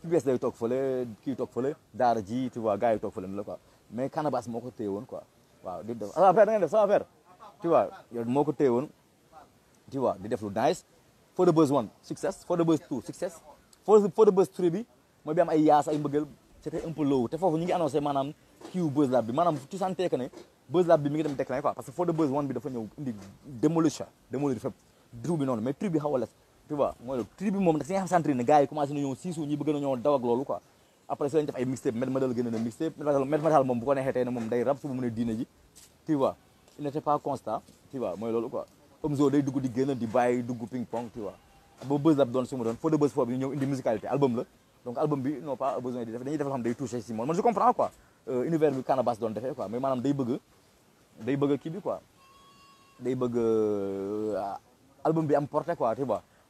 PBS day toog fële kii toog fële daara ji tu vois gars fële la quoi mais Canabasse moo ko téye woon quoi waaw di def affaire da nga def moo ko téye woon tu di def lu nice for the buzz one success for the buzz two success for the buzz three bi mooy bi ay yaas ay mbëggal c'était un low te foofu ñu ngi annoncé maanaam kiiw buzz lab bi maanaam tu sentais que lab bi mi ngi dem déclin quoi parce for the buzz one bi dafa ñëw indi démolition démolir fépp trou bi noonu mais trou bi xaw a tu vois mooy loolu tri bi moom nag si nga xam centre ne gars yi commencé nañoo siisu ñi bëgg nañoo daw ak loolu quoi mixtape met madal gën mixtape met madal moom bu ko neexee tey moom day rab suba mu ne diine ji tu vois il n'était pas constant tu vois mooy loolu quoi ba buzz ab doon su doon foo de buzz foo bi ñu ñëw indi musicalité album la donc album bi non pas besoin di def dañuy def loo xam si moom man je comprends quoi euh, univers bi Canabasse doon defee quoi mais maanaam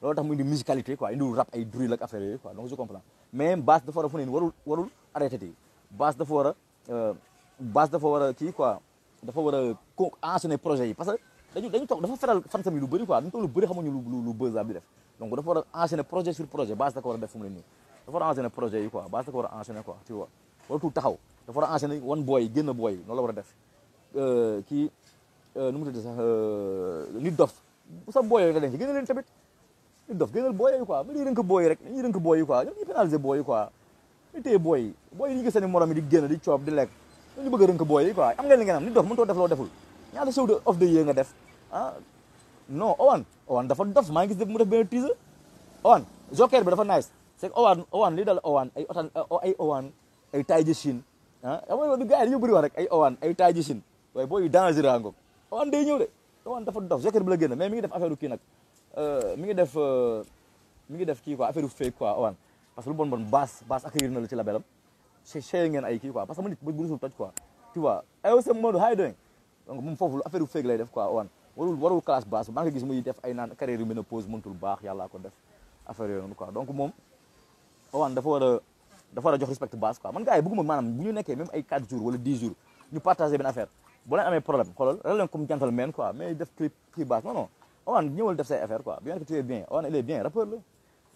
loolu tax mu indi musicalité a fu dafa war a basse euh, quoi dafa war a co enchaîner projet yi parce que dañu dañu toog dafa feral a enchaîner projet sur projet basse dafa ne nii dafa war a enchaîner projet yi quoi a enchaîner taxaw dafa war a enchaîner wan booy yi génn booy la war a def euh, kii euh, nu mu de sax nit dof sa booy yooyu nga denc génne leen tamit dof gënal booy yi quoi ma di rënk booy rek dañuy rënk booy yi quoi ñoom ñu pénaliser booy yi quoi ñu téye di génn di coob di lekk ñu bëgg a rënk am ngeen li ngeen am ni dof mënutoo def loo deful ñaata show nga def ah non Owan Owan dafa dof maa ngi gis mu def benn teaser Owan joker bi dafa nice c'est que Owan Owan li dal Owan ay otaan ay Owan ay Taïji Chine ah xam nga gars yi dañoo bëri wax rek ay Owan ay Taïji Chine waaye booy yi dangereux Owan day ñëw de Owan dafa dof joker bi la génn mais mi ngi def affaire kii nag Euh, mi ngi def euh, ngi def kii quoi affaire yu fake quoi Owan parce que lu bon bon baas baas accueillir na la ci labelam cher ngeen ay kii quoi parce que man nit bu eh, foofu affaire yu fake lay def quoi Owan warul maa ngi gis muy def ay naan carrière yu ménopause mënutul baax yàllaa ko def a a jox bu ñu nekkee même ay 4 jours wala 10 jours ñu partagé benn affaire boo leen amee problème xoolal ren leen comme gentleman quoi mais def kii baas non on ñëwal def say affaire quoi bien que tu es bien bien rappeur la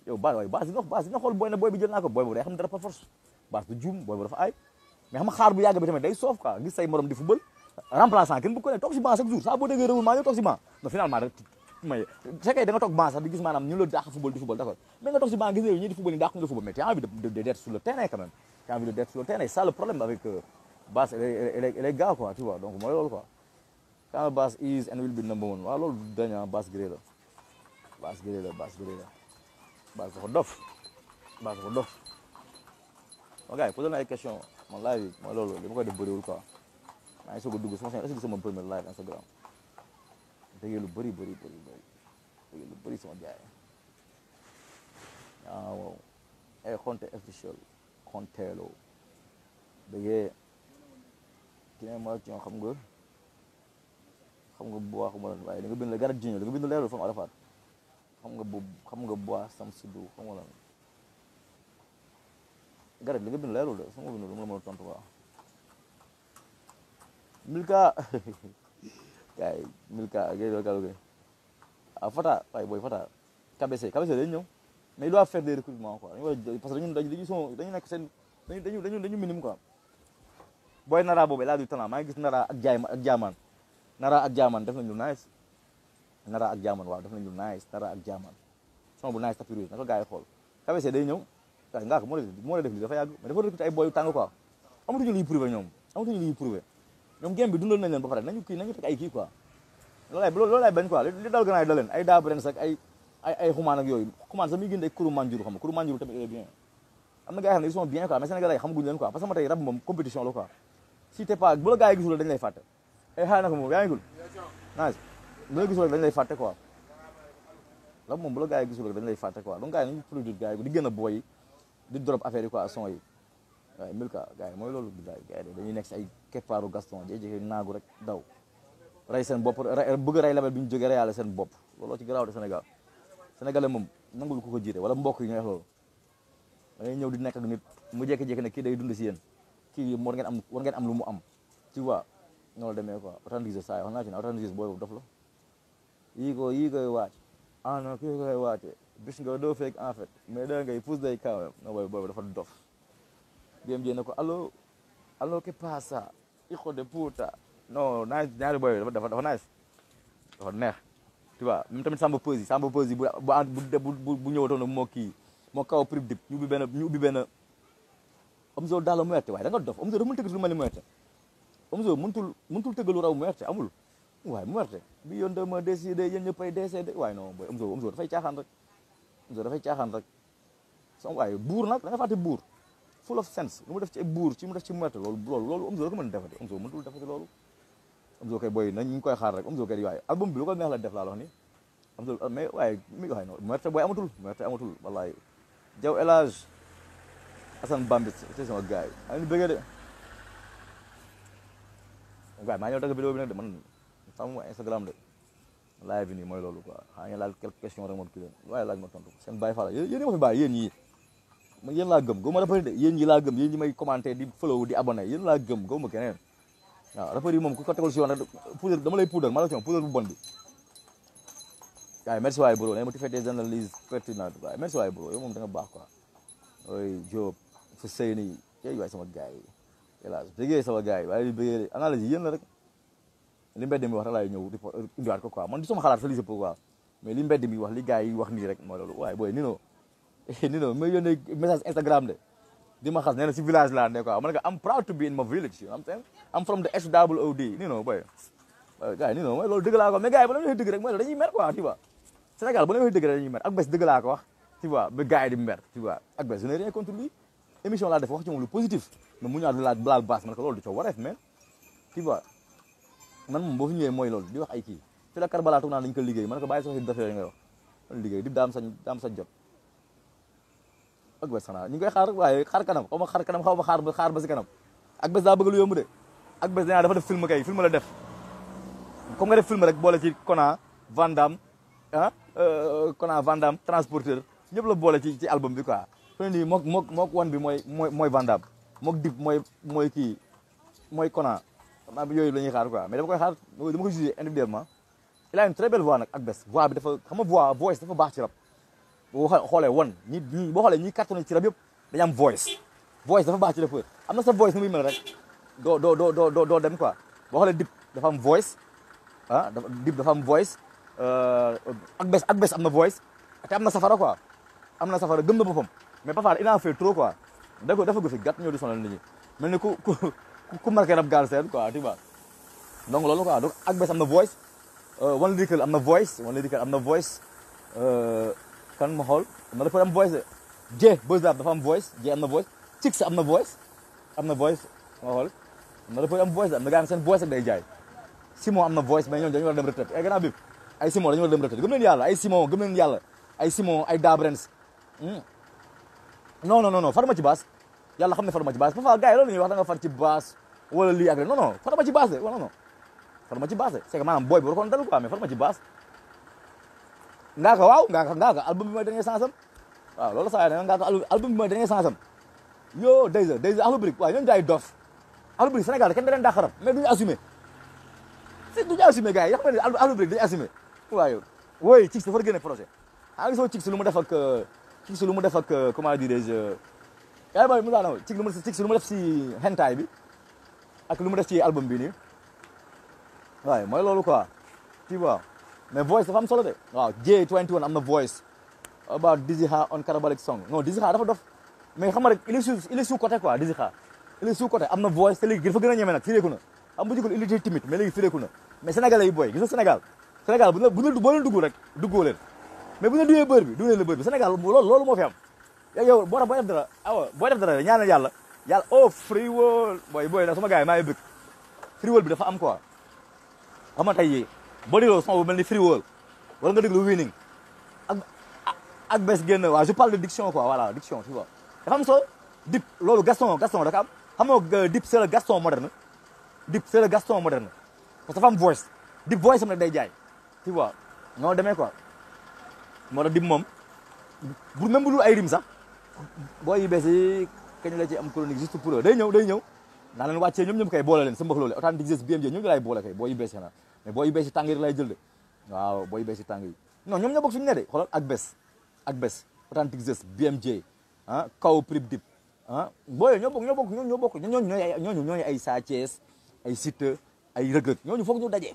yow base waaye base bi na booy bi jël naa ko booy bu day xam dara par force base juum booy bu dafa aay mais xam nga xaar bu yàgg bi tamit day soof quoi gis say morom di football remplaçant kenn bu ko ne toog si banc chaque jour saa da may c'est que da gis maanaam ñu la dàq football di football d'accord mais nga toog si banc gis yow ñi di football ñu dàq euh, donc mooy loolu bus is and will be number one Bass la Bass Gré, la Bass la dof dof question mon live mo mooy li ma koy def vous quoi maa ngi dugg sama sama premier live Instagram dégg lu beuri beuri beuri lu sama officiel ah, eh, Konté xam nga bois xaw ma lan waaye nga bind la garat jiño nga bind leerul fa mu arafaat xam nga bu xam nga bois nga lan nga bind leerul de sama a tontu waaw milka kaay milka doo kalu gay ah fata waaye booy fata KBC KBC dañ ñëw mais il doit faire des recrutements quoi parce que dañu booy nara boobu il a du talent maa ngi gis nara ak jaay nara ak jaaman def nañ lu nara ak jaaman waaw def nañ lu nice nara ak jaaman son bu na ko gars yi xool KBC day ñëw waaye ngaa ko moo moo la def li dafa yàgg mais dafa recruter ay boy yu tàng quoi amatuñu luy prouvé ñoom yi xam ne ils sont bien quoi mais Sénégalais yi la quoi si ay xaar na ko moom yaa ngi gul naaj bu la gisul rek dañ lay fàtte quoi la moom bu la gars yi gisul rek dañ lay fàtte quoi donc gars yi nañu produire gars yi di gën a booy di drop affaire yi quoi son yi waaye Milka gars yi mooy loolu gars yi dañuy nekk si ay keppaaru Gaston jékki-jékki naagu rek daw seen bopp bëgg rey label bi ñu jógee reyaale seen bopp looloo ci garaaw de Sénégal moom nangul ku ko jiite wala mbokk yi ñooy wax loolu ñëw di nekk ak nit mu jékki-jékki ne kii day dund si yéen kii war ngeen am war am lu mu am tu vois noonu la demee quoi autorisé saa yi wax naa ci ne autorisé booy bu dof la yii ko yi koy wàcc ah non kii koy bis nga doo fekk en fait mais da ngay pousse day kaaw no booy dafa dof BMJ ne ko allo allo que passa hijo de puta non naa ñaari booy dafa dafa nice dafa neex tu vois même tamit Samba Peuzzi Samba Peuzzi bu bu bu ñëwatoon moo kii moo kaw prib dib ñu ubbi benn ñu ubbi benn Omzo daal la mu wette waaye da nga dof Omzo da mu lu mel ni mu wette Omzo mëntul mëntul tëggalu raw Muerte amul waaye Muerte bi yoon dama décidé yéen ñëppay décédé waaye non booy Omzo Omzo dafay caaxaan rek Omzo dafay caaxaan rek sama waaye buur nag da nga fàtte buur full of sense lu mu def ci buur ci mu def ci Muerte loolu loolu loolu Omzo ko mën defati Omzo mëntul defati loolu Omzo kay booy nañ ñu ngi koy xaar rek Omzo kay waaye album bi lu ko neex la def laa wax ni Omzo mais waaye mi waaye non Muerte booy amatul Muerte amatul wallaay jaw elage Assane Bambit c'est sama gars yi am bëggee de waaye maa ñëw dagg vidéo bi nag de man sàmm Instagram de live bi nii mooy loolu quoi xaa ngeen laaj quelques questions rek moom kii leen ma tontu laa gëm gëwma rappeur de yéen ñi laa gëm yéen ñi may commenté di follow di abonné yéen laa gëm gëwma keneen waaw moom ku ko tegal si yoon rek dama lay poudre maa la ci poudre bu bon bi waaye merci waaye bro ne ma tu fais des analyses pertinentes waaye merci waaye bro yow moom da nga baax hélas bëggee sama gars yi waaye li bëggee la rek li mbedd mi wax rek laay ñëw di indiwaat ko quoi man di sama xalaat sa lise pourquoi mais li mbedd mi wax li gars yi wax ni rek mo loolu waaye booy nino nino message Instagram de di ma xas nee na si village laa ne quoi man nga am proud to be in my village you know what I'm saying I'm from the SWOD nino booy gars yi nino mooy loolu dëgg laa ko mais gars yi ba la loolu dañuy mer quoi tu ba la ñuy dëgg rek dañuy mer ak bés dëgg laa ko wax ba gars yi di émission la def wax ci mom lu positif mais mu ñaan la laaj bass man ko loolu du ci wareef mais tu vois man mom bo fi ñëwee moy loolu di wax ay ki fi la Karbala toog na dañ ko liggéey man ko baye sama fi nga wax liggéey di daam sañ daam sañ jot ak ba sana ñi ngi xaar waye xaar kanam xawma xaar kanam xawma ma xaar ba xaar ba ci kanam ak ba sa bëgg lu yomb de ak ba sa dafa def film kay film la def comme nga def film rek boole ci Kona Vandam ah, euh eh, Kona Vandam transporteur ñëpp la bolé ci ci album bi quoi friend yi mook mook mook wan bi mooy mooy mooy Vandab mook dib mooy kii mooy Kona xam bi yooyu la ñuy xaar quoi mais dama koy xaar dama koy jugé individuellement il a une très belle nag ak bés voix bi dafa xam nga voix voice dafa baax ci rap boo xoolee wan ñi boo xoolee ñi cartonné ci rap yëpp dañu am voice voice dafa baax ci rappeur am na sa voice muy mel rek doo doo doo doo doo dem quoi boo xoolee dib dafa am voice ah dib dafa am voice euh, ak bés ak na voice am na safara quoi am na safara gëm na boppam mais Pafa il en fait trop quoi da ko dafa gu fi gàtt ñëw di sonal nit ñi mel ni ku ku ku marqué rab gaal seen quoi tu vois donc loolu quoi ak bés am na voice wan euh, lyrical am na voice wan lyrical am na voice euh, kan ma xool ma dafa am voice je Beuz Rap dafa am voice je am na voice Cix am na voice am na voice ma xool ma dafa am voice am na gars seen voice ak day jaay Simon am na voice mais ñoom dañu war a dem retraite ay eh, gannaaw bi ay Simon dañu war a dem retraite gëm leen yàlla ay Simon gëm leen yàlla ay Simon ay Dabrens hmm? non non non faruma ci baas yàlla xam ne faruma ci baas parfois gars yi loolu ñuy wax da nga far ci baas wala lii ak non non faruma ci baas de non non faruma ci baas de c'est que maanaam booy bi war koon dal quoi mais faruma ci baas ngaa ko waaw ngaa ko ngaa ko album bi mooy dernier sens am waaw loolu saa yoo xam ne ngaa ko album bi mooy dernier sens am yoo Dayza Dayza Akhlou Brick waaw ñoom gars yi dof Akhlou Brick Sénégal kenn da leen daa xarab mais duñu assumé c'est duñu assumé gars yi yoo xam ne Akhlou Brick dañu assumé waaw yow wooy Cix dafa war a génne projet xanaa gisoo Cix lu mu def ak euh, ci su lu mu def euh, comment dirais-je yaay euh, booy mu daana ci lu mu ci si hentai bi ak lu mu def ci album bi waaye mooy loolu quoi tu vois mais voice dafa am solo de waaw J21 am na voice about Dizzy Ha on Karabalik song non Dizzy Ha dafa dof mais xam nga rek il est sous il est sous côté am na voice te léegi dafa gën a ñeme nag firéeku na am bu jikul il était timide mais léegi firéeku na mais sénégalais yi booy gis nga Sénégal Sénégal bu ne bu la dugg rek duggoo leen mais bu ñu duwee bër bi duwee la bër bi Sénégal loolu loolu moo fi am yow boo tax booy def dara awa booy def oh, booy booy nag sama gars yi maa ngi bëgg friwol bi dafa am quoi xam nga tey jii boo dégloo bu mel ni friwol wala nga déglu winning ak ak bés génn waaw je parle diction quoi voilà diction tu vois dafa dip loolu gaston gaston dafa euh, dip c'est gaston moderne dip c'est gaston moderne parce que dafa voice dip voice am nag day jaay tu vois noonu demee quoi moo tax dib moom bu même bu dul ay rim sax boo yi bees yi kañ la ci am chronique juste pour day ñëw day ñëw naa leen wàccee ñoom ñoom kay boole leen sa mbax loolu autant di gis BMJ ñoom ñu laay boole kay boo yi bees yi na mais boo yi bees yi tàng yi laay jël de waaw boo yi bees yi tàng yi non ñoom ñoo bokk suñu ne de xoolal ak bes ak bes authentique zes BMJ ah kaw prib dip ah booyee ñoo bokk ñoo bokk ñoo bokk ñooñu ñooy ay ñooñu ñooy ay Sa Thiès ay Siteu ay Reug Reug ñooñu foog ñu daje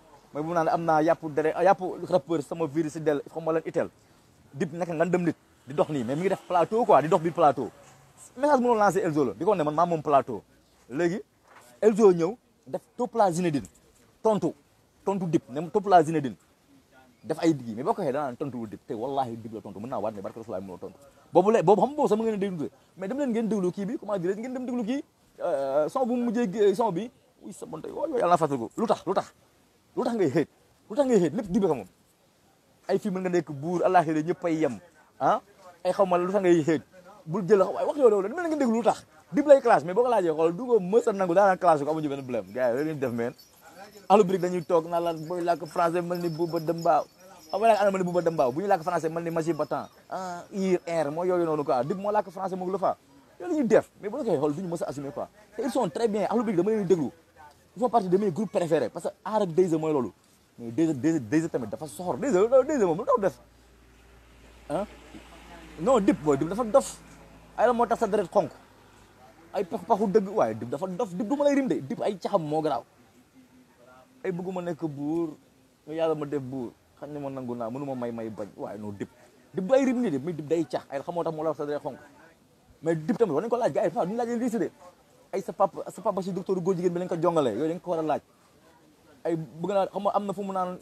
mooy bu naan am naa yàpp dere ah, yàpp rappeur sama itel dib naka nga dem di dox nii mais mi ngi def plateau quoi di dox biir plateau message bu ma lancé Elzo la di ko ne man maa moom plateau léegi Elzo ñëw def topp la Zinedine tontu tontu dib ne topp la Zinedine def ay digg mais boo ko xee danaan tontuwul dib te wallahi dib la tontu mën naa waat ne barke rasulaay mënoo tontu boobu la boobu xam boobu sama ngeen déglu mais dem ngeen déglu kii bi comment dire ngeen dem déglu kii euh, bi uy lu tax lu tax lu tax ngay xéet lu tax ngay xéet lépp dibe nga nekk buur ñëpp ay yem ah lu tax ngay xéet bul jël waaye wax yow la mel na nga dégg lu tax dib lay classe mais boo ko laajee ko mës a nangu daanaka classe ko amuñu benn problème gars yi loolu def meen alu dañuy toog naan la booy làkk français mel ni buuba dëmbaaw awa làkk ana mel ni buuba dëmbaaw bu ñu làkk français mel ni masi batan ir air moo yooyu noonu quoi dib moo làkk français moom la fa loolu ñuy def mais bu la koy xool duñu mës a assumer quoi te ils sont très bien alu brique dama leen déglu ils font partie de mes groupes préférés que aar ak mooy loolu mais Dayza Dayza tamit dafa soxor Dayza Dayza moom lu tax def ah dafa dof ay moo tax sa deret xonk ay pax paxu dëgg waaye dip dafa dof dip du ma lay rim de dip ay caxam moo garaaw ay bëgguma nekk buur mais ma def buur xam ne ma nangu naa mënu ma may may bañ waaye non dip dip du ay rim cax ay la xam moo tax moo la wax sa deret xonk mais dip tamit war ko laaj gars yi fa laaj leen de ay sa papa si docteur góor jigéen bi lañ ko yooyu dañ ko war a laaj ay bëgg naa xam nga am na fu mu naan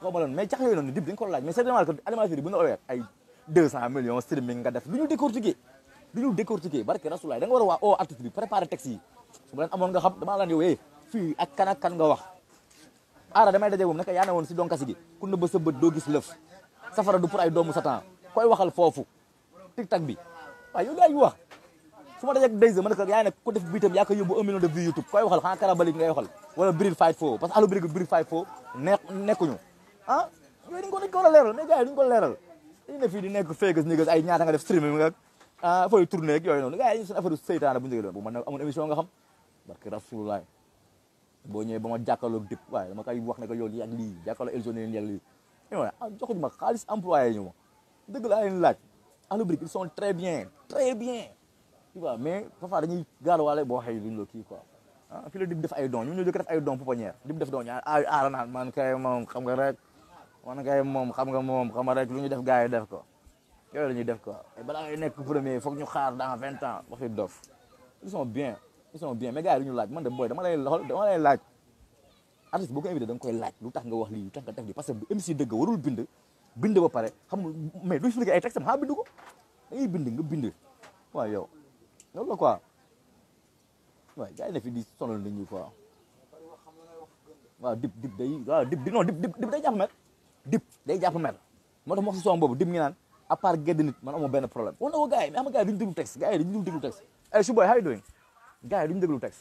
xaw ma mais cax yooyu noonu dib dañ ko war a laaj mais c'est normal que animateur yi bu ñu owee ay 200 da a waa o artiste bi préparer texte yi su ma leen amoon nga xam damaa laan yow eh si donkasi gi ku nëbb sa bët doo gis lëf safara du pour ay doomu satan koy waxal foofu tiktak bi waaw yow laay wax su ma dajee ak Dayza ko yaay nag ku yaa ko yóbbu un million de vues YouTube koy waxal xanaa karabalik ngay waxal wala fight foo parce que alu fight foo nekk nekkuñu ah a ko leeral di nekk féegas néegas ay ñaata nga def streaming nga ah fooy boo ñëwee ba ma jàkkaarloog dip waaye dama koy wax ne ko lii ak lii jàkkaarloog émission ne lii mais ma ah joxuñu ma xaalis employé ñu ma dëgg laa leen laaj alu bril ils sont très bien bien tu vois mais parfois dañuy gaaruwaale boo xëy luñ la kii quoi ah fi la dib def ay don ñu ñu jëkk def ay don pouponnière dib def don ñu aar naan man moom xam nga rek man kay moom xam nga moom xam rek lu ñu def gars def ko yooyu la ñuy def ko balaa ngay nekk premier foog ñu xaar dans vingt ans waxi dof ils sont bien ils sont bien mais ñu laaj man de booy dama lay dama lay laaj artiste boo ko invité lu tax nga wax lii lu tax nga def lii parce que MC dëgg warul bind bind ba pare xam mais du expliqué ay textes am xaa bind ko dañuy bind nga bind waaw yow loolu la quoi waaye gars yi na fi di sonal nit ñi quoi waaw dib dib day waaw dib non dib dib day jàpp mer dib day jàpp mer moo tax ma wax boobu dib ngi naan à part gedd nit man amoo benn problème wax na ko gars yi mais xam nga gars yi duñu déglu texte gars yi duñu déglu texte ay eh, su booy how you doing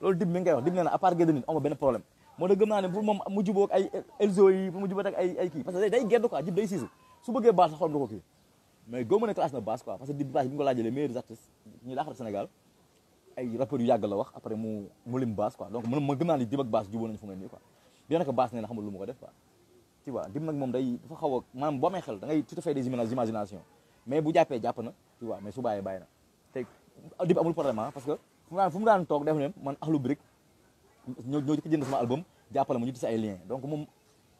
loolu dib mi ngay wax dib nee na à part gedd nit amoo benn problème moo tax gëm mu jubóog ay elzo mu jubóog ak ay ay kii parce que day gedd quoi dib day siisu su bëggee baax sax xool nga ko kii mais góob ma ne classe na basse quoi parce que di basse bi ñu ko laajee les meilleurs artistes ñu Sénégal ay rappeurs yu yàgg la wax après mu lim basse quoi donc man ma naa ni dib ak basse jubóo nañu fu ne nii ko day dafa xaw a maanaam boo amee xel da ngay tout mais su bàyyee bàyyi na dib amul problème ah, parce que fu daan toog def ne man Akhlou ñoo ñoo jënd sama album jàppale ma ñu ci ay lien donc moom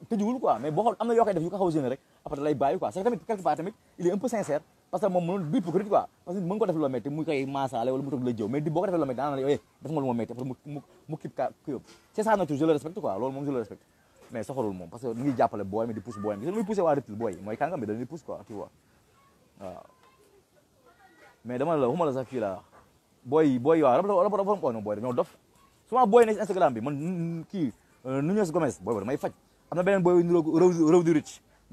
tëjuwul quoi mais boo xool am na yoo def yu ko xaw a génne rek après da lay bàyyi quoi c'est que tamit quelque part tamit il est un peu sincère parce que moom wala mu toog la jëw mais di boo ko defee loo métti daanaka eh, lu ma métti mu mu kii ka kii yóbbu c'est ça nature je le respecte quoi loolu moom je le respecte mais soxorul moom parce que ñu ngi jàppale booy di pousse booy mi gis nga muy poussé waa Reptile mooy kàngam bi dañuy pousse quoi la waxuma la sax fii la booy booy waaw rab rab non booy booy ne euh, booy ba damay faj am booy niroog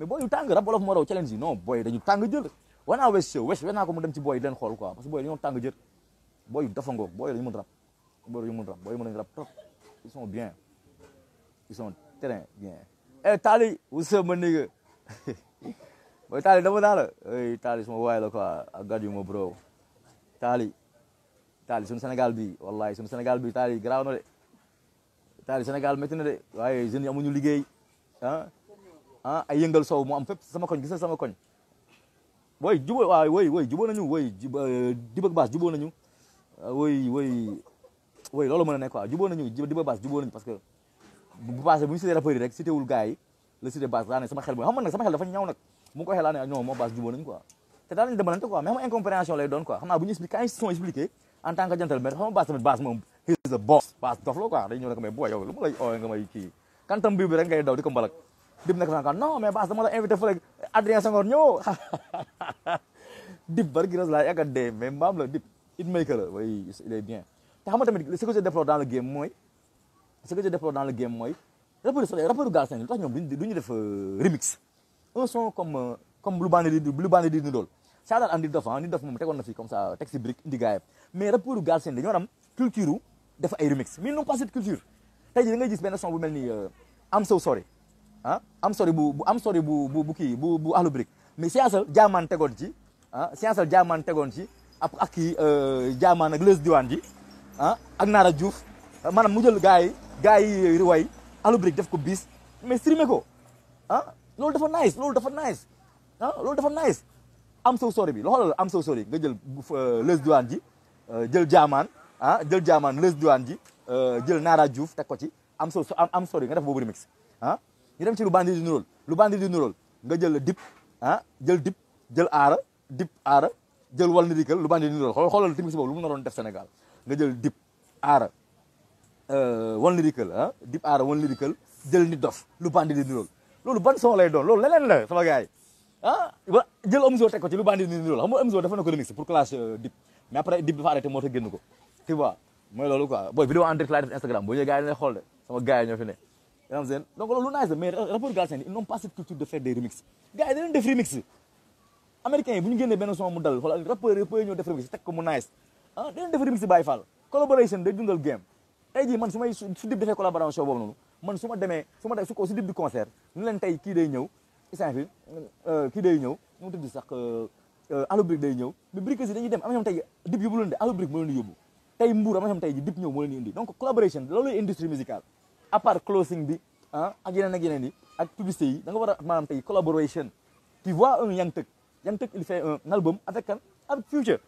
mais booy yu tàng rab wolof moo raw challenge yi non booy yi dañu tàng jël wanaa wes show wes wes naa ko mu dem ci booy di leen xool quoi parce que booy dañoo yu dafa ngoog rab booy dañu mën rab booy rab trop ils bien ils sont très bien eh Tali wusa ma nigga booy Tali dama naa la eh Tali suma waay la quoi I got you my bro Tali bi wallahi sunu Sénégal bi Tali garaaw na de Tali Sénégal métti na de waaye jeunes yi amuñu liggéey ah? ah ay yëngal soow mu am fépp sama koñ gis na sama koñ woy jubóo woy woy jubóo nañu woy euh, dib baas jubóo nañu euh, woy a parce que bu bu ñu cité rappeurs yi rek wul gars yi la cité baas daa sama xel mooy xam nag sama xel dafa ñaaw nag mu ko xelaa ne non moo baas jubóo nañu quoi te daa nañ demalante quoi mais xam incompréhension lay doon quoi xam bu ñu expliqué quand ils sont expliqués en tant que gentleman baas tamit baas moom he is a boss baas dof la quoi day ñëw ne ko mais boo yow lu ma lay daw di ko Dib nag sana no, mais pas dama la invité fële Adrien Senghor ñëw Deep barki rek laa yàgg a dee mais mbaam la Dib it maker la oui il est bien Ta xam nga tamit ce que je déplore dans le game moy, ce que je déplore dans le game moy, rappeur soleil rappeur Galsen lu tax ñoom du ñu def remix un son comme comme blue bandi blue lu bandi di ñu dool dal andi am di dof ah ni dof moom tegoon na fi comme ça taxi brick, indi gaayam mais rappeur Galsen dañoo am culture def ay remix mais non pas cette culture tey jii da ngay gis son bu melni, euh, I'm so sorry ah am sori bu bu am sori bu bu bu kii bu bu ahlu brik mais jaamaan tegoon ci ah siyaasal jaamaan tegoon ci ak ak kii euh, jaamaan ak lës diwaan ji ah ak Naara Diouf ah, maanaam mu jël gars yi gars yi riwaay ahlu def ko bis mais streamé ko ah loolu dafa nice loolu dafa nice ah loolu dafa nice am sow sori bi looloo am sow sori nga jël euh, lës diwaan ji euh, jël jaamaan ah jël jaamaan lës diwaan ji jël Naara Diouf teg ko ci am sow am sori nga def boobu remix ah. ñu dem ci lu bandi di nuróol lu bandi di nuróol nga jël dip ah jël dip aara dip aara jël wal na dikal lu bandi di nuróol xoolal timis boobu lu mu nga euh, ah, bandi di lay doon loolu leneen la sama gars ah, jël Omzo teg ko ci lu bandi di nuróol xam nga Omzo dafa na ko remix pour classe euh, dip mais après dip dafa ko tu vois mooy loolu quoi booy vidéo en direct Instagram boo ñëwee gars yi fi ne yaa ngi donc loolu lu nice mais rapport Galsen ils n'ont pas culture de faire remix gars yi dañu def remix américains bu ñu génnee benn son mu dal xoolal rappeurs yi remix teg ko mu nice ah dañu def remix Baye Fall collaboration day dundal game tey jii man su may su dib defee collaboration boobu man su ma demee su ko su dib di concert ñu leen tey kii day ñëw isaan fi euh, kii day ñëw ñu mu tudd sax euh, euh, alobrique day ñëw mais briques yi dañuy dem am na ñoom tey dib donc à part closing bi a ah, ak yeneen ak yeneen yi ak publicité yi da nga war a maanaam tey collaboration tu vois un Yang Teuk Yang Teuk il fait un album avec kan avec Future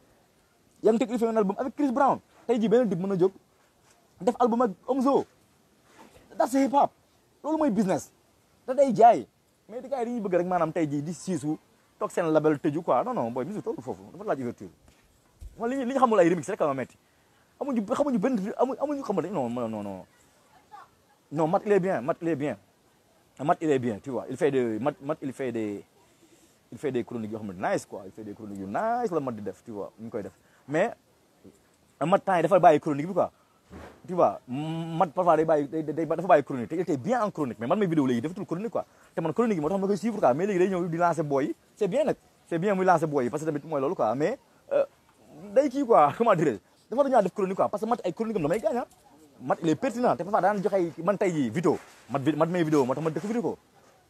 Yang Teuk il fait un album avec Chris Brown tey ji beneen dig mën a jóg def album ak Omzo that's hip hop loolu mooy business da day jaay mais di gars yi dañuy bëgg rek maanaam tey ji di siisu toog seen label tëju quoi non non booy musique toogul foofu dafa laaj ouverture li ñu xamul ay remix rek a ma metti amuñu xamuñu benn amuñu xamul non non non Non, Matt, il est bien. Matt, il est bien. Ah, Matt, il est bien, tu vois. Il fait des, Matt, Matt, il fait des, il fait des chroniques nice, quoi. Il fait des chroniques nice, le Matt, def, tu vois. Mais, ah, Matt, il fait des chroniques, quoi. Tu vois, Matt, parfois, il fait des chroniques. Il était bien en chronique, mais Matt, mes vidéos, il fait tout le chronique, quoi. C'est mon chronique, moi, je me suivre, quoi. Mais les réunions, de lance boy. C'est bien, c'est bien, il lance boy. Parce que c'est moi, là, quoi. Mais, euh, d'ailleurs, quoi, comment dire? Des fois, il y a des chroniques, quoi. Parce que Matt, il chronique, non, mais il gagne, hein. Ah. mat il est pertinent te Fafa daan joxe man tey jii Vito mat mat may ma découvrir ko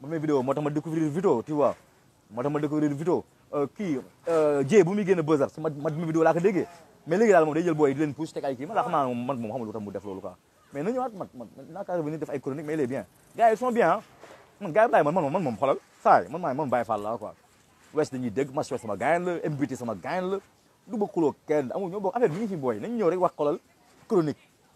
mat may vidéo ma découvrir Vito tu ma découvrir Vito euh, kii Dieng euh, bu muy génn Beaux Arts mat mat may vidéo laa ko déggee mais léegi daal moom day jël booy di leen pousse teg ay kii man laa xam naa man moom xamul lu mu def loolu quoi mais na ñëwaat mat mat naa kaa revenir def ay chronique mais il est bien gars yi sont bien ah man gars yi laay man man man moom xoolal saay man maa man Baye la quoi West dañuy dégg Mass West sama gaañ la MBT sama gaañ la du bokkuloo kenn amul ñoo bokk affaire bi ñu fi booy nañu ñëw rek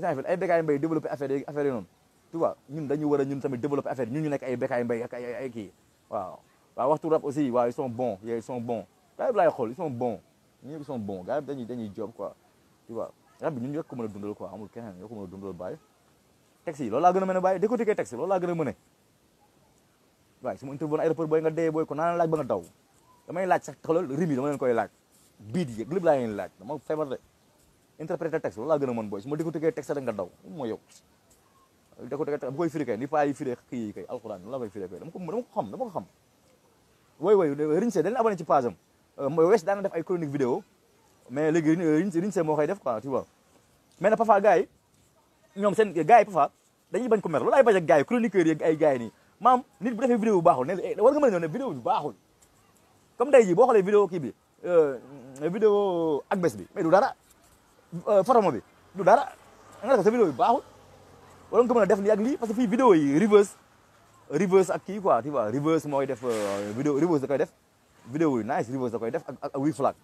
Israël ay Bécaye Mbaye développé affaire yi affaire yi noonu tu vois ñun dañu war a ñun tamit développé affaire ñun ñu nekk ay Bécaye Mbaye ak ay ay waaw waxtu rap aussi waaw ils sont bons laay xool ils sont bons yi ko mën a dundal quoi amul a loolu laa gën a mën a bàyyi décortiquer texte loolu laa gën a mën a waaye su ay rapport booy nga dee booy ko naa laaj ba nga daw damay laaj sax xoolal rime yi dama leen laaj biit yi lépp laa leen laaj interpréter texte loolu laa gën a mën booy su ma décortiquer texte rek nga daw mooy yow décortiquer bu koy firi kay ni paa yi firi kii yi kay alxuraan la koy firi kay dama ko xam dama ko xam wooy wooy Riñse dañ la abonné ci page am euh, wees daana def ay chronique vidéo mais léegi Riñse moo koy def quoi tu vois mais na parfois ñoom seen gars yi parfois dañuy bañ ko mer loolu ay bañ ak gars yi yi ay gars maam nit bu defee vidéo bu baaxul ne eh, war nga mën a ñëw ne vidéo bu baaxul comme tey jii boo xoolee vidéo kii bi euh, vidéo ak bés bi mais du dara Euh, photo bi du dara nga sa vidéo bi baaxul wala nga ak lii parce que yi reverse reverse ak kii quoi tu vois reverse mooy def euh, vidéo reverse da koy def vidéo yu nice reverse da koy def ak ak wii flag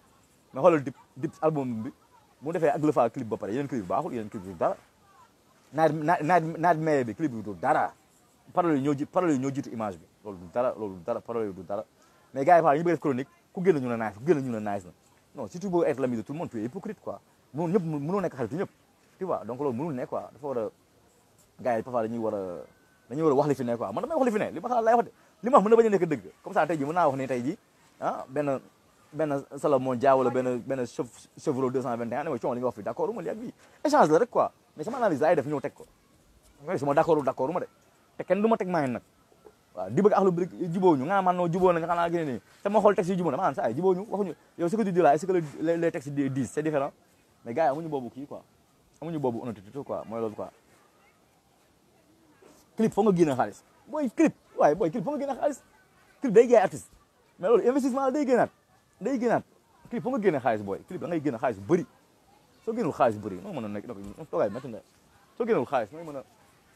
mais xoolal dip dip bi mu defee ak le fa clip ba pare yeneen baaxul yeneen clip du dara naaj naaj naaj maye bi clip bi du dara parole yi ñoo ji parole image bi loolu du dara loolu du dara parole yi du dara ñu bëgg def ñu ne nice ku si tu veux être l'ami de tout le monde tu es hypocrite mënul ñëpp mënul nekk xarit ñëpp tu vois donc loolu mënul nekk quoi dafa war a gars yi parfois dañuy war dañuy war a li fi ne quoi man damay wax li fi li ma xalaat laay wax li ma wax mën na bañ a ma li nga wax fi d' la rek quoi mais sama ma d' accord d' accord de te ñu nga naan man noo ma xool texte yi jubóo na ma naan sa ay ñu waxuñu yow ce que tu dis là est ce que mais gars yi amuñu boobu kii quoi amuñu boobu honnêteté quoi mooy loolu quoi. clip foog nga a xaalis booy clip waaye booy clip foog nga a xaalis clip day jaay artiste mais loolu investissement la day génnaat day génnaat clip foog nga génne xaalis booy clip da ngay génne xaalis bu bëri soo génnul xaalis bu bëri noo mën a nekk nag toogaay métti na soo génnul xaalis nooy mën a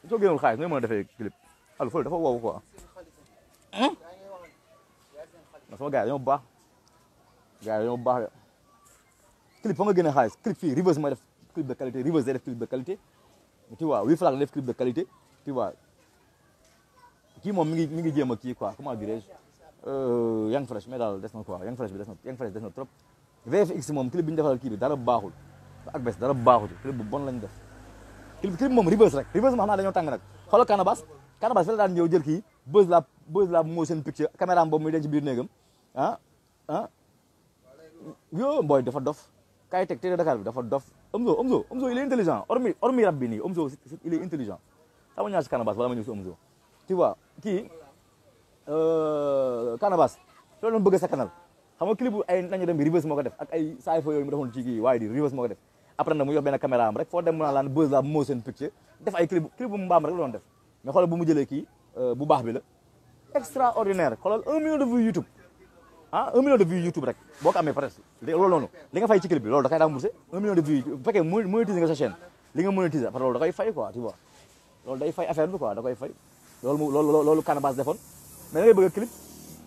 soo génnul xaalis nooy mën a defee clip allo fële dafa wow ko hmm? sama gars yi dañoo baax gars yi clip a xaalis clip fii Reverse mooy def clip de qualité Reverse day def clip de qualité tu Wii Flag def clip de qualité tu kii moom mi ngi mi ngi jéem a kii quoi comment dirais-je euh, Young Fresh mais daal des na quoi Young Fresh bi des na Young Fresh des na trop VFX moom clip bi ñu kii bi dara baaxul ak bés dara baaxul ci clip bu bon lañ def clip moom Reverse rek Reverse ma xam naa dañoo tàng nag xoolal Canabasse Canabasse fa la daan ñëw kii Buzz Lab Buzz Lab motion picture caméra am boobu muy denc biir néegam ah, ah. yo mbooy dafa dof kaay teg Télé Dakar bi dafa dof Omzo Omzo Omzo il est intelligent hormis hormis rab bi nii Omzo intelligent sama ñaar si Canabasse wala ma ñëw si Omzo tu vois kii euh, Canabasse loolu doon bëgg sa kanal xam nga clip ay nañu dem bi reverse moo ko def ak ay saay fa yooyu mu defoon ci kii waaye di reverse moo ko def après nag mu yox benn caméra am rek foo dem mu naan laan buzz la moo picture def ay clip clip bu mbaam rek doon def mais xoolal bu mu jëlee kii euh, bu baax bi la extraordinaire xoolal un million de vues YouTube ah un million de vues YouTube rek boo ko amee presque loolu noonu li fay ci clip bi loolu da koy remboursé un million de vues bu fekkee monétiser nga sa chaîne li nga monétiser loolu da koy fay quoi tu vois loolu day fay affaire bi quoi da koy fay loolu moom loolu loolu Canabasse defoon mais da a clip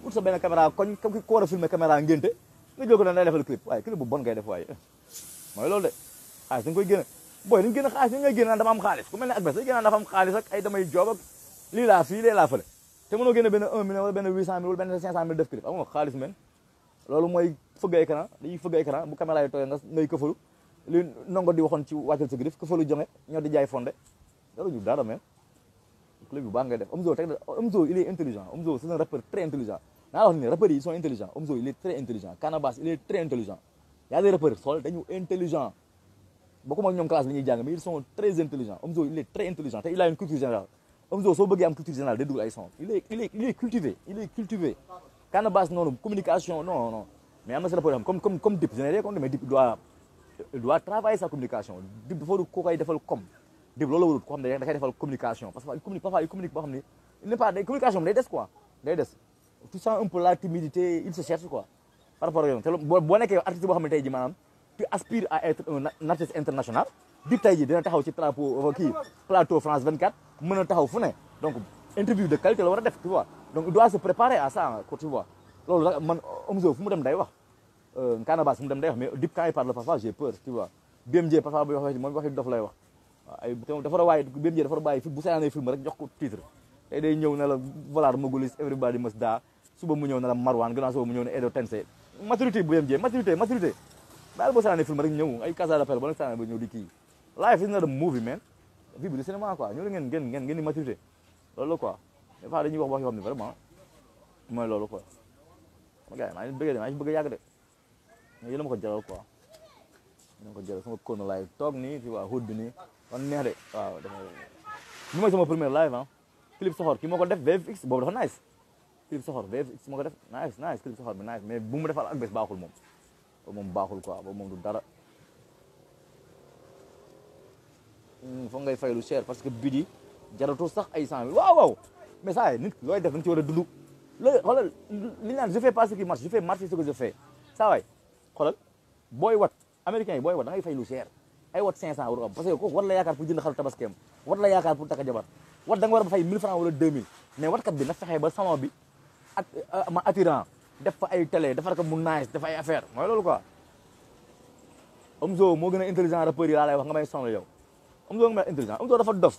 ut sa benn caméra koñ ku war a filmer caméra ngénte nga jël ko dañ lay defal clip waaye clip bu bon ngay def waaye mooy loolu de xaalis da nga koy génne booy dañu te mënoo génne benn 1 million wala benn 800000 wala benn 500000 def clip amoo xaalis men loolu mooy fëgg écran dañuy fëgg écran bu caméra yi tooyee nga ngay këfalu li ndongo di ci wàccal sa griffe këfalu jonge ñoo di jaay fondé loolu ju dara men clip bu def Omzo teg intelligent Omzo c'est un intelligent naa la wax intelligent Canabasse il est très intelligent y intelligent bokkuma ak ñoom classe bi intelligent te il a une culture Omzo soo bëggee am culture générale day dugal ay son il est il est il est cultivé il est cultivé Canabasse non, communication non non mais am na le problème comme comme comme Dip généré comme mais Dip doit doit travailler sa communication Dip dafa ko koy defal comme Dip loolu warul ko xam ne da koy defal communication parce que il communique parfois il communique pas. xam ne il n'est pas communication bi day des quoi day des tu sens un peu la timidité il se cherche quoi par rapport ak yow bon, boo nekkee artiste boo xam ne tey jii tu aspires à être un artiste international Dip tey dina taxaw ci plateau ki plateau France 24 meuna taxaw fune donc interview de qualité la war def tu vois donc doit se préparer à ça quoi tu vois lolu man Omzo fu mu dem day wax Canabasse fu mu dem day wax mais Dip quand il parle papa j'ai peur tu vois BMJ papa bu wax moom waxi dof lay wax ay dafa war a BMJ dafa war a bàyyi bu seetaanee film rek jox ko titre tey day ñew na la Volar Mogulis everybody must da suba mu ñew na la Marwan gëna so mu ñew na Edo Tensei maturité BMJ maturité maturité daal boo seetaanee film rek ñew ay Casa d'appel Papel ba nag seetaanee ba di ki life is not a movie man vie bi du cinéma quoi ñoo la ngeen ngeen ngeen ngeen di maturité loolu la quoi des fois dañuy wax wax yoo xam ne vraiment mooy loolu quoi a gars yi maa ngi bëgg de maa ngi bëgg yàgg de mais yéen a ma ko jaral quoi yéen a ma ko jaral sama kono live toog nii bi nii man neex de waaw dama bi mooy sama première live ah clip soxor ki moo ko def VFX boobu dafa nice clip soxor VFX moo ko def nice nice clip soxor bi nice mais bu mu defal ak bés baaxul moom moom baaxul quoi boobu moom du dara Mm, foog ngay fay lu cher parce que bidi jaratul sax ay cent mille waaw waaw mais saa yi nit looy def da ci war a dund loolu xoolal li ñu naan je fais pas ce qui marche je fais marcher ce que je fais saa xoolal booy wat américain booy wat da fay lu cher ay wat 500 war am parce que kooku war la yaakaar pour jënd xaru tabaskeem war la yaakaar pour takka jabar wat da war a fay 1000 francs wala 2000 mais watkat bi na fexe ba salon bi at euh, ma attirant def fa ay télé defar mu nice def ay affaire mooy loolu quoi Omzo moo gën a intelligent rappeur wax nga may sonal yow. Omzo nga mel intelligent Omzo dafa dof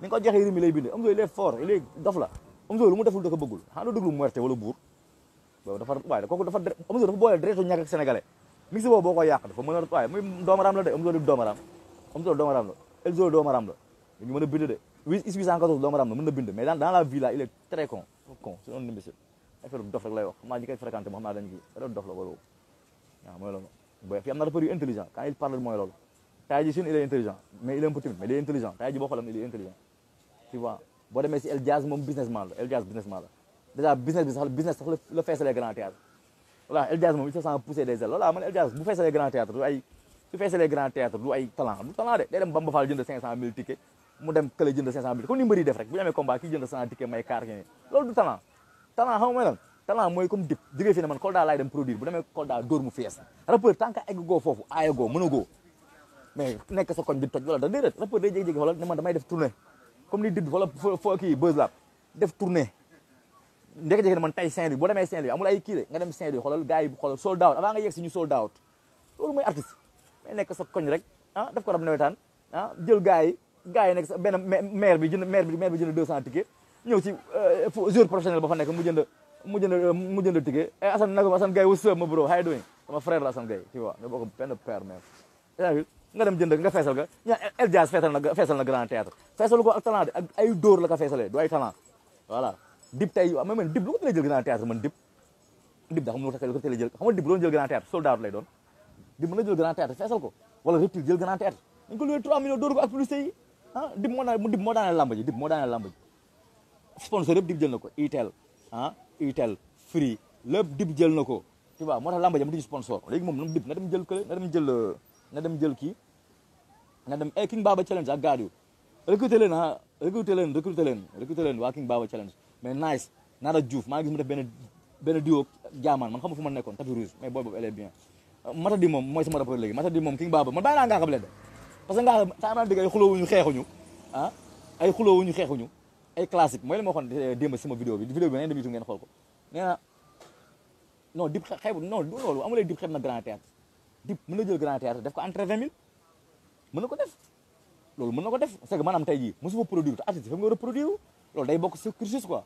ni nga ko joxee rimi lay bindee Omzo il est fort il dof la Omzo lu mu deful da ko bëggul xanaa doo déglu muerte buur boobu dafa waaye kooku dafa Omzo dafa boole deretu ñàkk ak sénégalais mix boobu boo ko yàq dafa mën a waaye la de Omzo di doomaraam Omzo la Elzo doomaraam la dañu mën a la mën na bind mais dans dans la vie là il est très con con c'est un imbécile dof rek lay wax maa ñi koy dof la wala waaw mooy Taïji Chine il est intelligent mais il est un peu boo xoolam il intelligent tu vois boo demee si El moom businessman la El Diaz businessman la déjà business bi sax la grand théâtre voilà El moom il se sent poussé des ailes voilà man El Diaz bu feesalee grand grand théâtre du ay talent du talent de day dem Bamba Fall jënd 500000 tickets mu dem kële jënd 500000 comme ni mbëri def rek bu ñu amee combat kii jënd 100 may kaar ñeneen loolu du talent mais nekk sa koñ bi toj wala da déedéet rappeur day jékki-jékki wala ne man damay def tournée comme ni did wala foo kii buzz la def tournée ndekk-jékki ne man tay Saint-Louis boo demee Saint-Louis amul ay kii nga dem Saint-Louis xoolal gars yi xoolal sold out avant nekk sa koñ rek ah daf ko rab nawetaan ah jël gars yi gars yi nekk sa benn maire bi jënd maire bi maire bi jënd 200 tickets ñëw si euh, joueur professionnel nekk mu jënd mu jënd euh, mu jënd ticket eh, Assane nag Assane Gaye what's up ma bro how you doing sama la Assane Gaye tu vois ñu bokk benn père même nga dem jënd nga feesal ga ñaa feesal na feesal na grand théâtre feesalu ko ak talent ay dóor la ko feesalee du ay talent voilà dib tey ma man dib man dib dib daa xam lu ko tëlee jël xam nga dib loon jël grand théâtre soldat lay doon dib mën na jël grand théâtre feesal ko wala reptile jël grand théâtre dañ ko loué 3 millions dóor ko ak publicité yi ah dib moo daan dib moo daanee lamb ji dib moo daanee lamb ji sponsor yëpp dib jël na ko itel ah itel free lépp dib jël na ko tu moo tax lamb dem jël kële na jël euh, na dem jël kii na dem eh King Baba challenge ak Gadio recruter leen ah recruter leen recruter leen recruter leen waa King Baba challenge mais nice Nara Diouf maa ngi gis mu def benn ma nekkoon tapis rouge mais booy boobu elle est bien Matadi moom mooy sama rapport léegi Matadi moom King Baba man bàyyi naa ngaa xam leen de parce que ngaa naa dëgg ay xuloo wuñu xeexuñu ah ay xuloo wuñu xeexuñu ay classique mooy li ma waxoon eh, démb sama vidéo bi vidéo bi nañ dem YouTube ngeen xool ko nee na non dib xeebu non loolu na grand di mën na jël grand théâtre def ko entrée vingt mille mën na ko def loolu mën na ko def c'est que maanaam tey jii mosuma produire te artiste fa nga reproduire loolu day bokk sa cursus quoi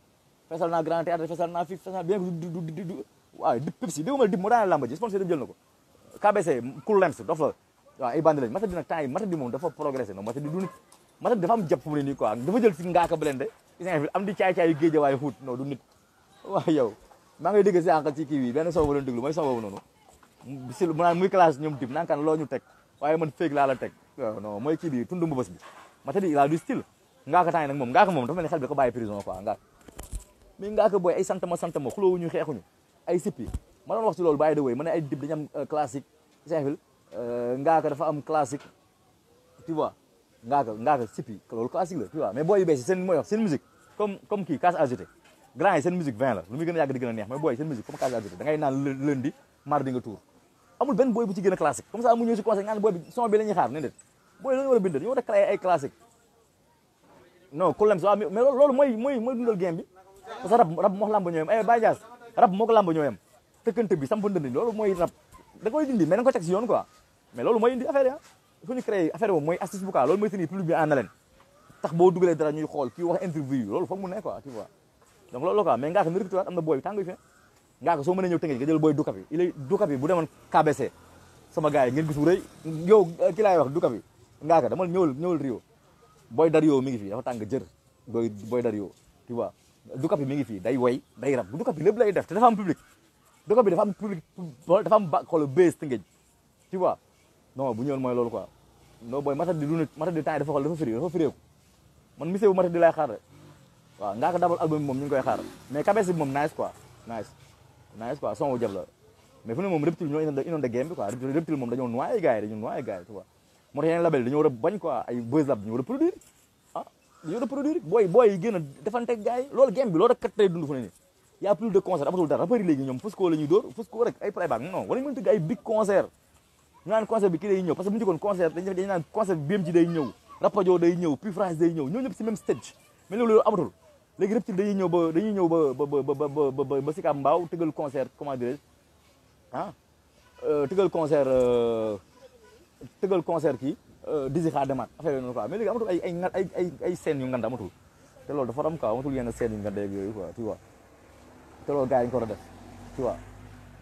fesal naa grand théâtre fesal naa fi fesal bien dip Pepsi dip moo daanee làmb ji sponsor dip jël na ko KBC Cool Lems dof la waaw ay mata di nag temps yi mata di moom dafa progressé non mata di du nit mata di dafa am jàpp fu mu ne nii quoi dafa jël si ngaaka kii bi benn sow ba si mu naan muy classe ñoom dib naan kan loo ñu teg waaye man féeg laa la teg non mooy a du moom ngaa moom dafa mel ni xel booy ay sant ma sant ma xulóowuñu xeexuñu ay ma doon wax ci loolu bàyyi da wooyu ma ne ay dib dañu am euh, classique sefil ngaa ko dafa am classique tu vois ngaa ko sippi loolu classique la tu booy yu bees yi seen mooy comme comme kii grand yi seen musique 20 la lu muy gën a yàgg di gën a neex mais booy seen musique comme casse agité da naan lundi mardi nga tour amul benn booy bu ci gën a classique comme ça mu ñëw si conseil nga ne booy bi son bi la ñuy xaar ne booy a bind a créer ay classique non problème so loolu mooy mooy mooy dundal bi parce que rab rab moo làmb ñooyam ay eh, Baye Diaz rab loolu mooy rab da koy dindi mais ko teg si yoon quoi mais loolu mooy indi affaire ya ah. il faut ñu affaire mooy astuce bu kaa loolu mooy tenir public bi en haleine boo dugalee dara ñuy xool kii wax interview loolu foog mu ne quoi tu vois donc loolu quoi mais ngaa xam ne recrutement am na booy bi ngaa ko soo mënee ñëw tënkee nga jël booy duka bi il est duka bi bu demoon KBC sama gars yi ngeen gis wu rëy yow euh, ki laay wax duka bi ngaa ko dama ñëwal mi ngi fii dafa tàng jër booy booy Dario tu bi mi ngi fii day woy day rab duka bi lépp lay def te dafa am public duka bi dafa am public dafa am ba xool bés tënkee tu vois non bu ñëwoon mooy loolu quoi non booy mata di lu mata di temps yi dafa xool dafa firi dafa man monsieur mata di laay xaar rek waaw ngaa dabal album bi moom ñu ngi koy xaar mais KBC moom nice quoi nice nice quoi son wu jëm la mais fu ne moom reptile ñoo inondé game bi quoi reptile moom dañoo noyé gars yi dañoo noyé gars yi tu vois moo tax yeneen label dañoo war a bañ quoi ay buzz lab dañoo war a produire ah dañoo war a produire booy booy yi gën a defante gars yi loolu game bi loolu rek kat tey dund fu ne nii y a plus de concert amatul dara rappeurs yi léegi ñoom fës koo la ñuy dóor fës koo rek ay playback non wala ñu mën tëgg ay big concert ñu naan concert bi kii day ñëw parce que bu ñu jëkkoon concert dañu naan concert bi BM ci day ñëw Rapadio day ñëw puis France day ñëw ñoo ñëpp si même stage mais loolu loolu amatul léegi Reptyle dañuy ñëw ba dañuy ñëw ba ba ba ba ba Sicap Mbao tëgal concert comment dirais-je ah euh, tëgal concert euh, tëgal concert kii euh, disi xaa demaat affaire yooyu ay ay ay ay ay scènes te loolu dafa am quoi amatul yenn scènes yu ngand yeeg yooyu quoi tu vois te loolu gars yi ko war a def tu vois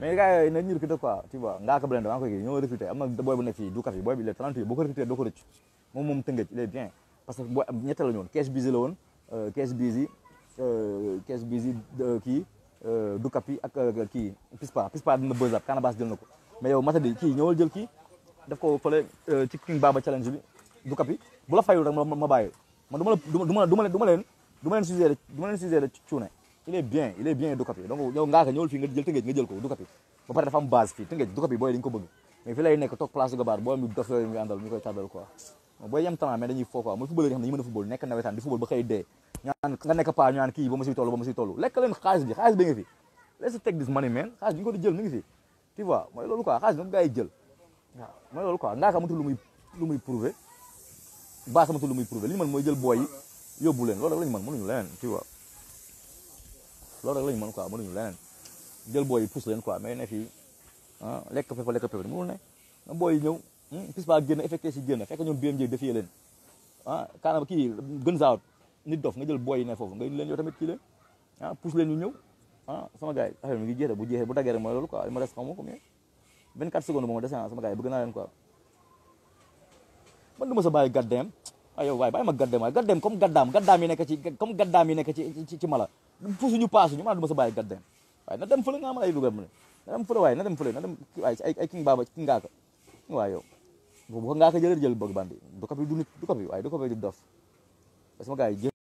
mais gars ñu recruter quoi tu vois ngaa ko blende maa ngi koy kii ñoo am na booy bu nekk fii du café booy bi il est boo ko recruter doo ko rëcc moom moom tëngëj il bien parce que booy ñette la ñu woon cash busy kees euh, bi si euh, kii euh, Ducap yi ak kii Pispa Pispa dina bëri jël na ko mais yow Matadi kii ñëwal jël kii def ko fële ci King challenge bi Ducap bu la fayul rek ma ma bàyyi ma la du ma du ma leen il est bien il est bien Ducap yi ngaa ko ñëwal fii nga jël tëngeej nga jël ko Ducap yi pare dafa am base fii tëngeej Ducap booy dañu ko bëgg mais fii lay nekk toog place Gabar boo am dof yooyu muy àndal koy tàddal quoi booy yem talent mais dañuy foo quoi mooy football yi nga xam ne ñu mën a football nekk nawetaan di football ba xëy dee nga nekk paa ñu naan kii ba ma siy toll ba ma siy toll lekk leen xaalis bi xaalis bi nga fi ko lu muy lu li ñu mën mooy jël booy yi leen loolu la ñu mën mënuñu leneen loolu rek la ñu mën quoi mënuñu jël booy yi leen quoi mais ne fii ah lekk pepa lekk pepa mënul ne na booy yi ñëw pis hmm? ba génn effecté si génn fekk ñoom BMJ defee leen kaana ah, kaanam kii gën saaw nit dof nga jël booy yi ne foofu nga leen yow tamit kii leen ah leen ñu ñëw ah sama gars yi affaire mi ngi bu jeexee bu daggee rek mooy loolu ko li ma des xaw ma combien 24 secondes ba ma desee leen quoi man ma sa bàyyi gàddeem ah yow waaye bàyyi ma gàddeem waaye gàddeem comme gàddaam gàddaam yi nekk ci comme nekk ci ci mala pousse ñu paase ñu man du ma sa bàyyi gàddeem waaye na dem fële nga am ay dugal mu ne na dem fële waaye na dem fële na dem waaye ay bu ko ngaa ko jël jël bëgg bandi du ko fi du nit du ko fi waaye du ko fi dof parce que ma gars